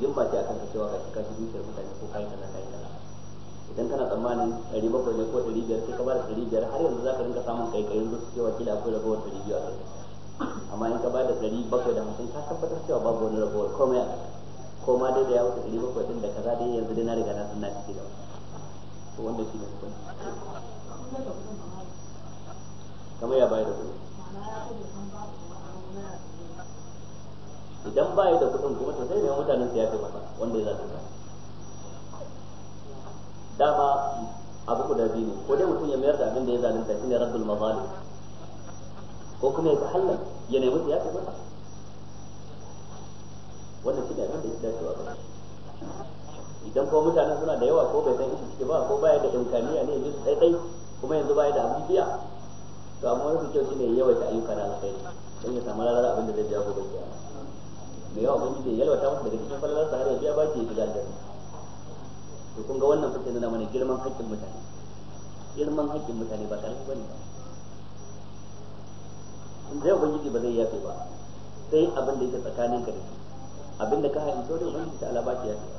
dimma ce a kansa cewa ka shiga dukiyar mutane ko kai kana kai kana idan kana tsammanin ɗari bakwai ne ko ɗari biyar sai ka bada ɗari biyar har yanzu za ka rinka samun kai-kai kaikayin zuci cewa kila akwai ragowar ɗari biyu a kansa amma in ka bada ɗari bakwai da hamsin ka tabbatar cewa babu wani ragowar komai a ko ma dai da ya wuce ɗari bakwai ɗin da kaza dai yanzu dai na riga na sun na ciki da wani wanda shi ne hukunci kamar ya bayar da kuɗi idan bayi da kuɗin kuma to sai ne mutanen su ya fi masa wanda ya za su dama abu guda biyu ne ko dai mutum ya mayar da abin da ya zalunta ne rabbul mazalim ko kuma ya tahalla ya nemi su ya fi masa wannan shi ne abin da ya dacewa ba idan ko mutanen suna da yawa ko bai san ishi ciki ba ko baya da imkaniya ne yanzu ɗaiɗai kuma yanzu baya da abubuwa to amma wani kyau shine yawaita ayyuka na alkhairi don ya samu rarar abin da zai biya gobe kiyama mai yawa ubangiji yalwa yalwata masa daga cikin falalar sa har ya biya ba ki ya shiga aljanna to kun ga wannan kuke nuna mana girman haƙƙin mutane girman haƙƙin mutane ba karfi bane ba in zai ubangiji ba zai yafe ba sai abin da yake tsakaninka da shi abin da ka haifi sauri ubangiji ta alaba ce yafe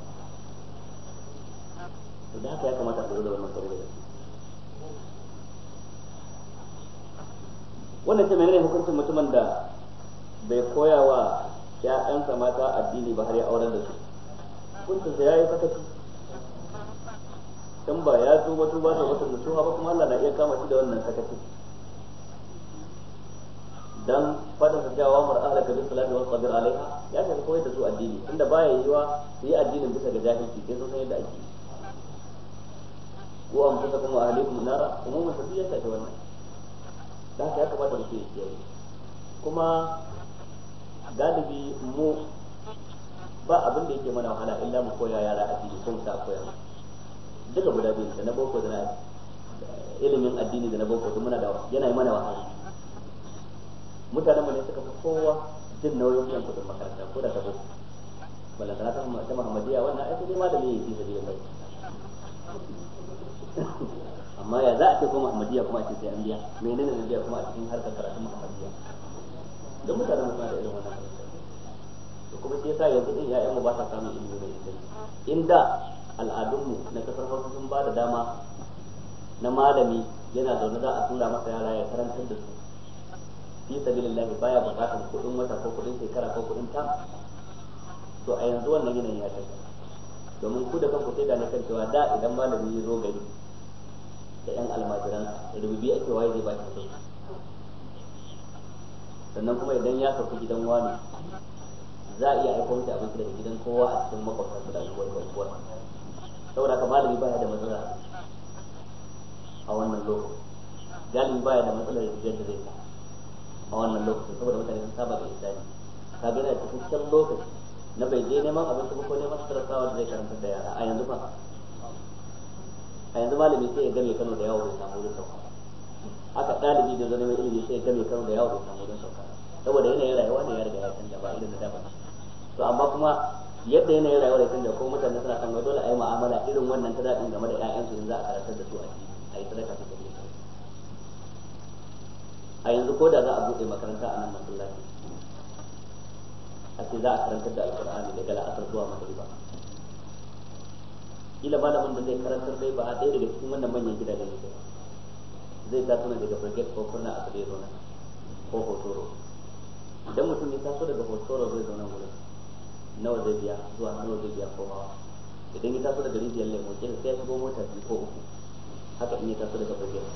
to da haka ya kamata a lura da wannan saboda wannan ce menene hukuncin mutumin da bai koya wa ‘ya'yansa mata addini ba har ya aure da su hukuncinsa ya yi sakaci can ba ya wato ba da wata mutuwa ba kuma Allah na iya kama shi da wannan sakaci dan fadin da cewa mar ahla kabi bisalati wa sabir alaiha ya shafi koyar da su addini inda baya yiwa su yi addinin bisa ga jahilci sai sun san yadda ake ko an fasa kuma alaikum nara umumin tafiya ta da wannan da haka ya kamata mutum ya kiyaye kuma galibi mu ba abin da yake mana wahala illa mu koya yara a cikin mu sa koya duka guda biyu da na boko da na ilimin addini da na boko da muna da yana yi mana wahala mutanen mu ne suka fi kowa jin nauyin biyan kudin makaranta ko da ta boko ta mahammadiyya wannan aiki ne ma da ne yake da bai amma ya za a ce ko Muhammadiyya kuma ce sai an biya menene ne biya kuma a cikin harkar karatun Muhammadiyya da mutane mu da irin wannan to kuma sai yasa yanzu din ya'yan mu ba sa samun ilimi mai inganci inda al'adunmu na kasar Hausa sun ba da dama na malami yana zaune za a tura masa yara ya karantar da su fi sabilillahi baya bukatar kuɗin wata ko kuɗin shekara ko kuɗin ta? to a yanzu wannan yanayin ya tafi domin ku da kanku sai da na kan cewa da idan malami ya zo gari da yan almajiran rububi ake waye zai baki kai sannan kuma idan ya sauki gidan wani za a iya aiko masa abinci daga gidan kowa a cikin makwabta su da unguwar unguwar saboda haka malami baya da matsala a wannan lokacin galibi baya da matsalar rigar da zai a wannan lokacin saboda mutane sun saba da isani ka gina da cikakken lokaci na bai je neman abinci ko neman sarrafawa da zai karanta da yara a yanzu fa a yanzu malami sai ya gane kano da yawo bai samu wurin sauka haka ɗalibi da zama ilimi sai ya gane kano da yawo bai samu wurin sauka saboda yanayin rayuwa ne ya riga ya canja ba irin da daban to amma kuma yadda yanayin rayuwa ya canja ko mutane suna kan dole a yi mu'amala irin wannan ta daɗin game da 'ya'yansu in za a karatar da su a yi sadaka ta gani a yanzu ko da za a buɗe makaranta a nan masallaci a ce za a karantar da alƙur'ani daga la'asar zuwa magariba kila malamin da zai karantar dai ba a ɗaya daga cikin wannan manyan gidajen ne zai ta ne daga forget ko kuna a tsaye zaune ko hotoro idan mutum ya taso daga hotoro zai zauna wurin nawa zai biya zuwa nawa zai biya ko hawa idan ya taso daga rijiyar lemo kira sai ya shigo mota biyu ko uku haka in ya taso daga forget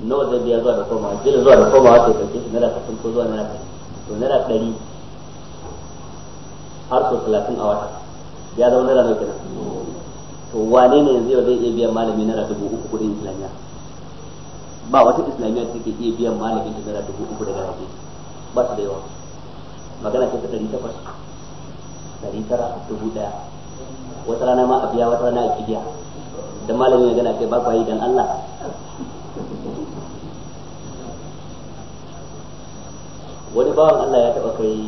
nawa zai biya zuwa da koma kila zuwa da koma wata ya ɗauke shi naira ko zuwa naira ɗari to naira ɗari har sau talatin a wata ya zama naira nawa kenan to wane ne yanzu yau zai iya biyan malami naira dubu uku kudin islamiyya ba wata islamiyya da take iya biyan malami na naira dubu uku daga rafi ba su da yawa magana ce ta ɗari takwas ɗari tara dubu ɗaya wata rana ma a biya wata rana a kibiya malami malamin magana ce ba kwayi dan Allah wani bawan Allah ya taɓa kai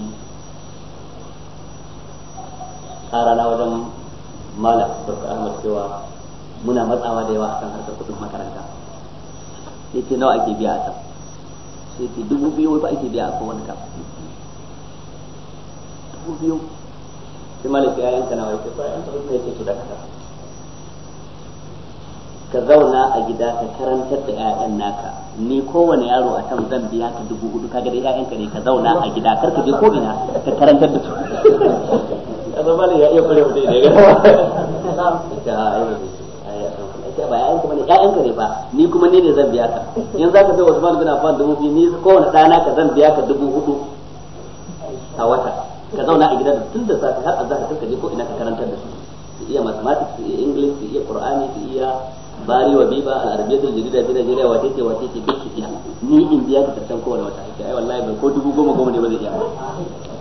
na wajen mala dr ahmad cewa muna matsawa da yawa akan harkar kudin makaranta sai ce nawa ake biya a can sai ce dubu biyu ba ake biya a kowane kam dubu biyu sai mala ya yanka nawa ya ce ko yanka ba ya ce to da kaka ka zauna a gida ka karantar da 'ya'yan naka ni kowane yaro a can zan biya ka dubu hudu ka da 'ya'yanka ne ka zauna a gida kar ka je ko ina ka karantar da su kaza mala ya iya kure mutum da gaba ita ai ita ba yayan kuma ne ya ka ne ba ni kuma ni ne zan biya ka yanzu zaka sai Usman bin Affan dubu biyu ni kowane dana ka zan biya ka dubu hudu a wata ka zauna a gidan da tun da safe har azhar ka je ko ina ka karantar da su su iya mathematics su iya English su iya Qur'ani su iya bari wa biba al-arabiyatul jadida bi Najeriya wace ce wace ce duk su iya ni in biya ka karshen kowane wata ai wallahi ba ko dubu goma goma ne ba zai iya ba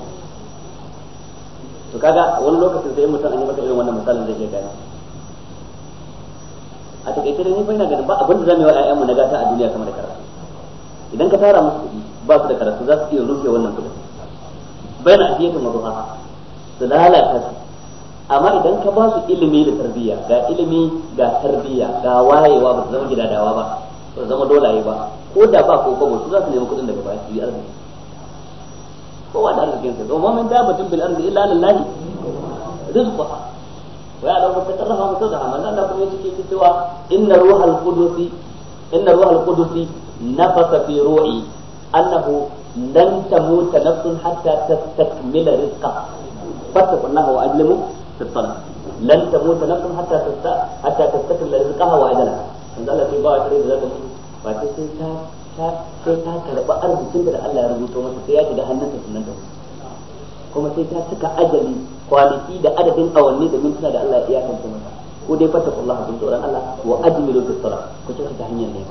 to kaga wani lokacin sai mutum an yi masa irin wannan misalin zai iya gani a takaice da ni fa ina ganin ba abin da zamu yi wa ƴaƴanmu na gata a duniya kamar da karatu idan ka tara musu kuɗi ba su da karatu za su iya rufe wannan kuɗin bayan afiyatin mazuha su lalata su amma idan ka ba su ilimi da tarbiyya ga ilimi ga tarbiyya ga wayewa ba su zama gidadawa ba ba su zama dolaye ba ko da ba ko kwabo su za su nemi kuɗin daga baya su yi arziki kowa da arzikinsa domin min dabbatin bil ardi illa lillahi rizquha wa ya'lamu mutakarraha wa mutadaha manzo Allah kuma yake cewa inna ruhal qudusi inna ruhal qudusi nafasa fi ru'i annahu lan tamuta nafsun hatta tastakmila rizqaha fattaqullaha wa ajlimu fi talab lan tamuta nafsun hatta hatta tastakmila rizqaha wa ajalaha manzo Allah ya ba ta rizqaha ba ta sai ta ta sai ta karɓi arzikin da Allah ya rubuto masa sai ya shiga hannunta sunan da kuma sai ta cika ajali kwanaki da adadin awanni da mintuna da Allah ya kanta masa ko dai fata Allah bin tsoron Allah wa ajmilu bis sala ku cika ta hanyar ne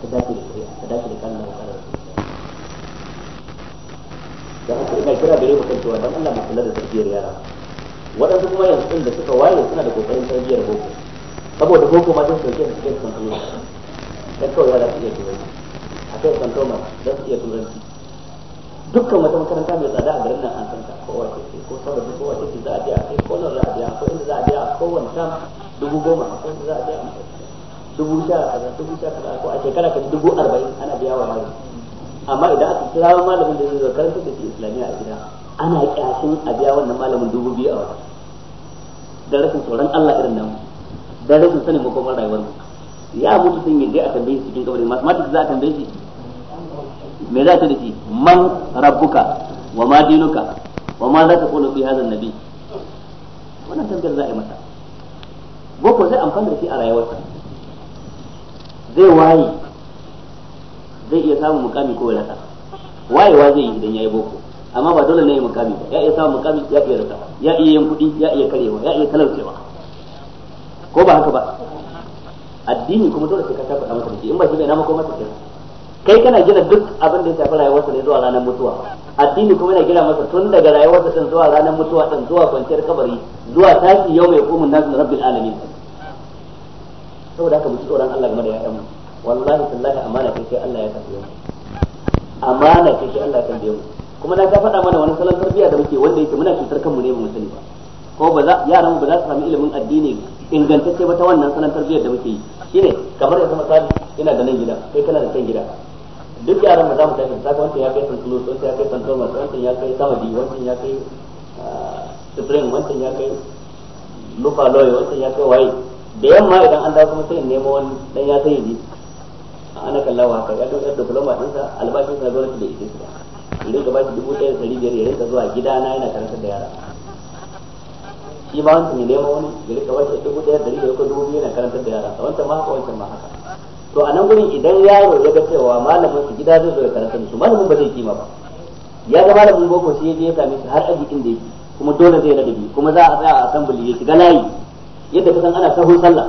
ta dace da shari'a ta dace da kallon Allah da haka ina kira gare mu kan cewa dan Allah ba kula da tarbiyar yara waɗansu kuma yanzu din da suka waye suna da kokarin tarbiyyar boko saboda boko ma ta sauke da cikin kan Allah dan kawai yara su iya kiyaye akwai toma da su iya turanci dukkan wata makaranta mai tsada a garin nan an san ta ko wace ce ko saboda duk wace ce za a biya akwai nan za a biya akwai inda za a biya a kowane tam dubu goma akwai inda za a biya dubu sha a kaza dubu sha kaza ko a shekara ka dubu arba'in ana biya wa malami amma idan aka kira malamin da zai zo karanta da ke islamiyya a gida ana kyashin a biya wannan malamin dubu biyu a wata da rashin tsoron Allah irin nan da rashin sanin makomar rayuwar ya mutu sun yi gai a tambaye cikin kabari mathematics za a tambaye shi me za ta dace man rabbuka wa ma dinuka wa ma za ka kula fi hazan nabi wannan tambayar za a yi masa boko zai amfana da shi a rayuwarsa zai waye zai iya samun mukami ko rasa wayewa zai yi idan yayi boko amma ba dole ne ya mukami ba ya iya samun mukami ya iya rasa ya iya yin kudi ya iya karewa ya iya talaucewa ko ba haka ba addini kuma dole sai ka tabbata masa da shi in ba shi bai na makoma masa kai kana gina duk abin da ya shafi rayuwarsa ne zuwa ranar mutuwa addini kuma yana gina masa tun daga rayuwarsa din zuwa ranar mutuwa din zuwa kwanciyar kabari zuwa tashi yau mai hukumin nasu rabbil alamin saboda haka mu tsoron Allah game da ya'yan mu wallahi tallahi amana kai sai Allah ya tafi yau amana kai sai Allah ya tambaye yau kuma na ka faɗa mana wani salon tarbiyya da muke wanda yake muna cutar kanmu ne mu sani ba ko ba za yaran mu ba za su samu ilimin addini ingantacce ba ta wannan salon tarbiyyar da muke yi shine kamar zama tsari ina da nan gida kai kana da kan gida duk yaran da za mu tafi wancan ya kai san kulo wancan ya kai san thomas wancan ya kai samadi wancan ya kai ah, supreme wancan ya kai lupa loye wancan ya kai waye da yamma idan an dawo kuma sai nemo wani dan ya sai yi ana kallawa haka ya kai da diploma ɗinsa albashin sa gwamnati da ita ya rinka ba shi dubu ɗaya da ɗari biyar ya rinka zuwa gida na yana karantar da yara shi ma wancan ya nemo wani ya rinka ba dubu ɗaya da ɗari biyar ko dubu biyu yana karantar da yara wancan ma haka wancan ma haka to a nan gurin idan yaro ya ga cewa malamin su gida zai zo ya karanta su malamin ba zai kima ba ya ga malamin boko sai ya je ya same su har aji inda yake kuma dole zai rada bi kuma za a tsaya a assembly ya shiga layi yadda kasan ana sahun sallah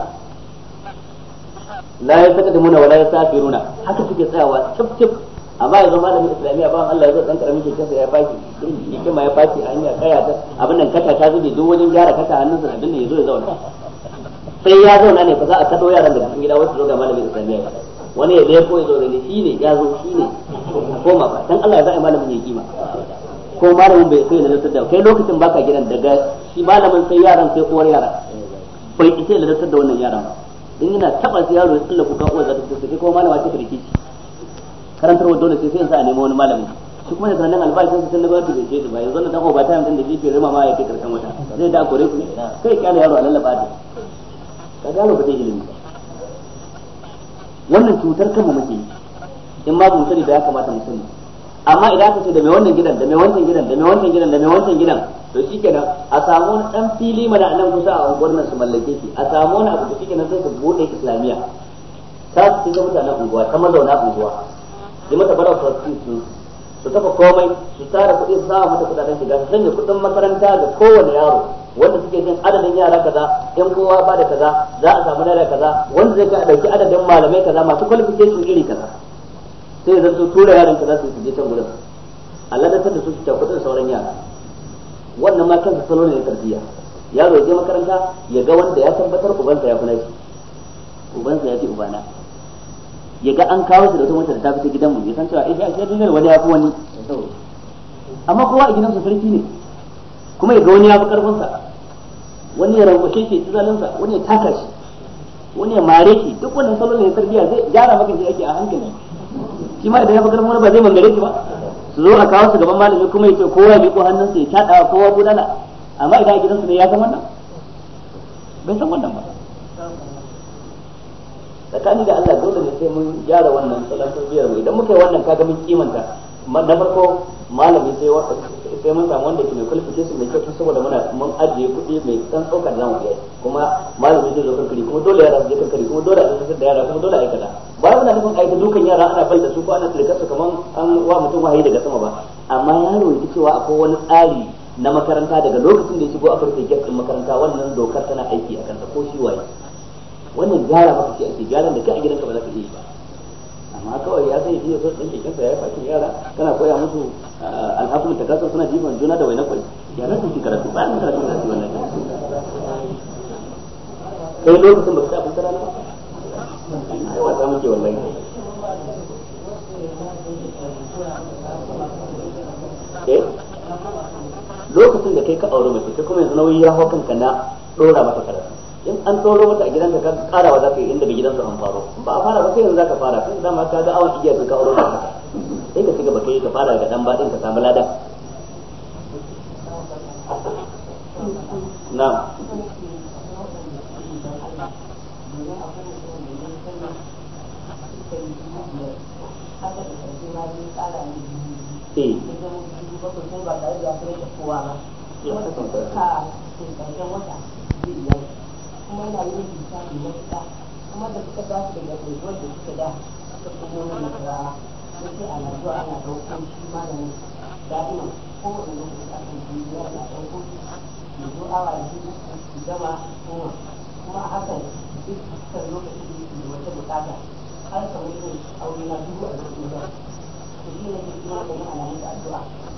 la ya saka da wala ya safiruna haka suke tsayawa cif cif amma yanzu malamin islamiyya ba Allah ya zo dan karamin kike ya fashi kike ma ya a hanya kaya abin nan kata ta zube duk wajen gyara kata hannunsa abin nan ya zo ya zauna sai ya zauna ne ba za a kado yaran da cikin gida wasu zo ga malamin islamiyya ba wani ya zai ko ya zo da shi ne ya zo shi ne koma ba dan Allah ya zai malamin ya kima ko malamin bai sai da da kai lokacin baka gidan daga shi malamin sai yaran sai kowar yaran bai isa da da wannan yaran ba in yana taba sai yaro ya tsalla kuka uwa za ta fito sai kuma malama ta kirki shi karantarwa dole sai sai yanzu a nemi wani malami shi kuma da sanan albashin sun na gwamnati da ke ba yanzu na dawo ba ta yanzu da shi ke rima ma ya kai karshen wata zai da kore ku kai kyale yaro a lallaba da ka gano ba zai ilimi ba wannan cutar kanmu muke in ma ba sani da ya kamata mu sani amma idan aka ce da mai wannan gidan da mai wancan gidan da mai wancan gidan da mai wancan gidan to shikenan a samu wani dan fili mana nan kusa a unguwar nan su mallake shi a samu wani abu da shikenan sai su bude islamiyya ta su ce mutanen unguwa ta mazauna unguwa yi mata bara su su tafa komai su tara kuɗi su sa mata kuɗaɗen shiga su sanya kuɗin makaranta ga kowane yaro wanda suke jin adadin yara kaza in kowa ba da kaza za a samu naira kaza wanda zai ka dauki adadin malamai kaza masu qualification iri kaza sai zan so tura yaran kaza su je can gurin Allah da su su da sauran yara wannan ma kansa salo ne tarbiyya yaro ya je makaranta ya ga wanda ya tabbatar ubansa ya kula shi ubansa ya ce ubana ya ga an kawo shi da wata da ta fita mu ya san cewa eh ya dinga wani ya fi wani amma kowa a gidansa sarki ne kuma ya ga wani ya fi karfinsa wani ya rangwace shi ta zalinsa wani ya taka shi wani ya mare shi duk wannan salon ne tarbiya zai gyara maka shi ake a hankali shi ma idan ya fakar wani ba zai mangare shi ba su zo a kawo su gaban malami kuma ya ce kowa ya miƙo hannunsa ya taɗawa kowa gudana amma idan a gidansu ne ya san wannan bai san wannan ba tsakani da Allah dole ne sai mun gyara wannan salon tarbiyar mu idan muka yi wannan kaga mun kimanta na farko malami sai sai mun samu wanda ke mai qualification mai kyau saboda muna mun ajiye kuɗi mai san tsokar zamu biya kuma malami zai zo kankari kuma dole yara su je kankari kuma dole a tsakar da yara kuma dole a aikata ba muna nufin aika dukan yara ana bal da su ko ana tilkar su kaman an wa mutum wahayi daga sama ba amma yaro ya cewa akwai wani tsari na makaranta daga lokacin da ya shigo a farko gate makaranta wannan dokar tana aiki a kansa ko shi waye wannan gyara maka ce ake gyaran da kai a gidanka ba za ka iya yi ba amma kawai ya zai iya so ɗan kansa ya yi yara kana koya musu ah, alhakun ta kasar suna jifan juna da wainan kwai ya na su karatu ba mu karatu na ji wannan kai lokacin ba su abin tara na ba ai wasa muke wallahi eh lokacin da kai ka aure mace kai kuma yanzu nauyi ya hau kanka na dora mata karatu in an tsoro mata a gidanka ka kara za ka yi inda bai gidansa an faro ba a fara ba sai yanzu za ka fara sai dama ka ga awon igiyar ka aure ka sai ka cigaba bakai ka fara daga dan baɗin ka samu lada na kuma yana yin bisa mai matuƙa kuma da suka tashi daga unguwar da suka da suka kuma na kara sun ce ana zuwa ana ɗaukar shi ma da malamin da'ima ko wani lokaci a kan duniya na ɗaukar ya zo awa biyu su gama kuma kuma a hakan duk fuskar lokaci da yake da wata bukata har kamar yin aure na dubu a lokacin da su shi ne ke kuma da yin alamun addu'a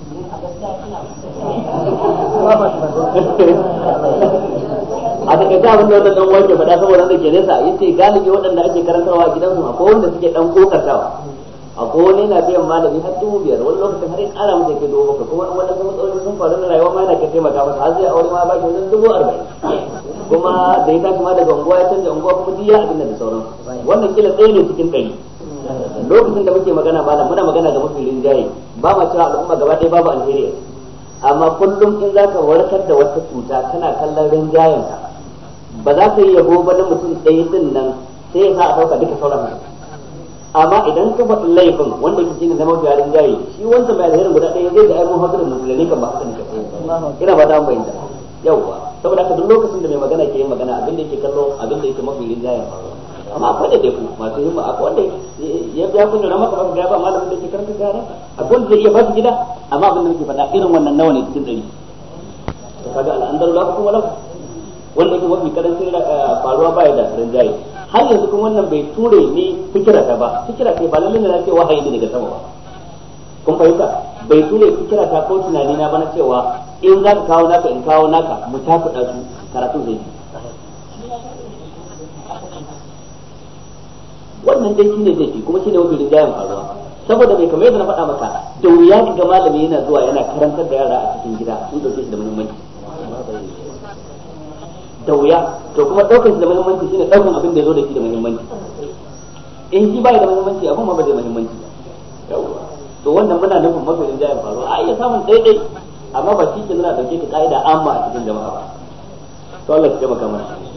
a daga ta abin da wata dan wanke faɗa saboda da ke nesa yace galibi waɗanda ake karantarwa a gidansu akwai wanda suke dan kokartawa a wani na biyan malami har dubu biyar wani lokacin har ya kara masa ke dubu bakwai kuma wani sun matsaloli sun faru na rayuwa ma yana ke taimaka masa har zai aure ma ba shi wajen dubu arba'in kuma da ya tashi ma daga unguwa ya canza unguwa kuma duk ya abin da sauran wannan kila tsaye ne cikin ɗari lokacin da muke magana malam muna magana ga mafi rinjaye ba ma cewa al'umma gaba ɗaya babu alheri amma kullum in za ka warkar da wata cuta kana kallon rinjayen ka ba za ka yi yabo ba na mutum ɗaya din nan sai ya sa a ɗauka duka sauran amma idan ka faɗi laifin wanda ke cikin zama fiye jayi shi wanda mai alherin guda ɗaya zai da ai mun da musulmi kan ba haka ne ina ba ta bayyana yauwa saboda haka duk lokacin da mai magana ke yin magana abinda yake kallo abinda yake mafi rinjayen ba. amma akwai da dai kuma masu himma akwai wanda ya biya kun yana maka ba ba malamin da ke karanta gara akwai wanda zai iya ba gida amma abin da nake faɗa irin wannan nawa ne cikin dari to kaga al'andaru la kuma la wanda yake mafi karancin eh, faruwa baya da ran jayi har yanzu kuma wannan bai ture ni fikira ta ba fikira ta ba lallai ne na ce wahayi ne daga sama ba kun fahimta bai ture fikira ta ko tunani na bana cewa in za ka kawo naka in kawo naka mu tafi su karatun zai yi wannan dai shine zai kuma shine wanda rijayen faruwa saboda mai kamar yadda na faɗa maka da wuya ki ga malami yana zuwa yana karantar da yara a cikin gida sun dauke shi da muhimmanci da wuya to kuma daukar shi da muhimmanci shine daukar abin da ya zo da shi da muhimmanci in shi ba da muhimmanci abin ma ba da muhimmanci to wannan muna nufin mafi rijayen faruwa a iya samun daidai amma ba shi ke nuna dauke ka ka'ida amma a cikin jama'a ba to Allah ya taimaka mana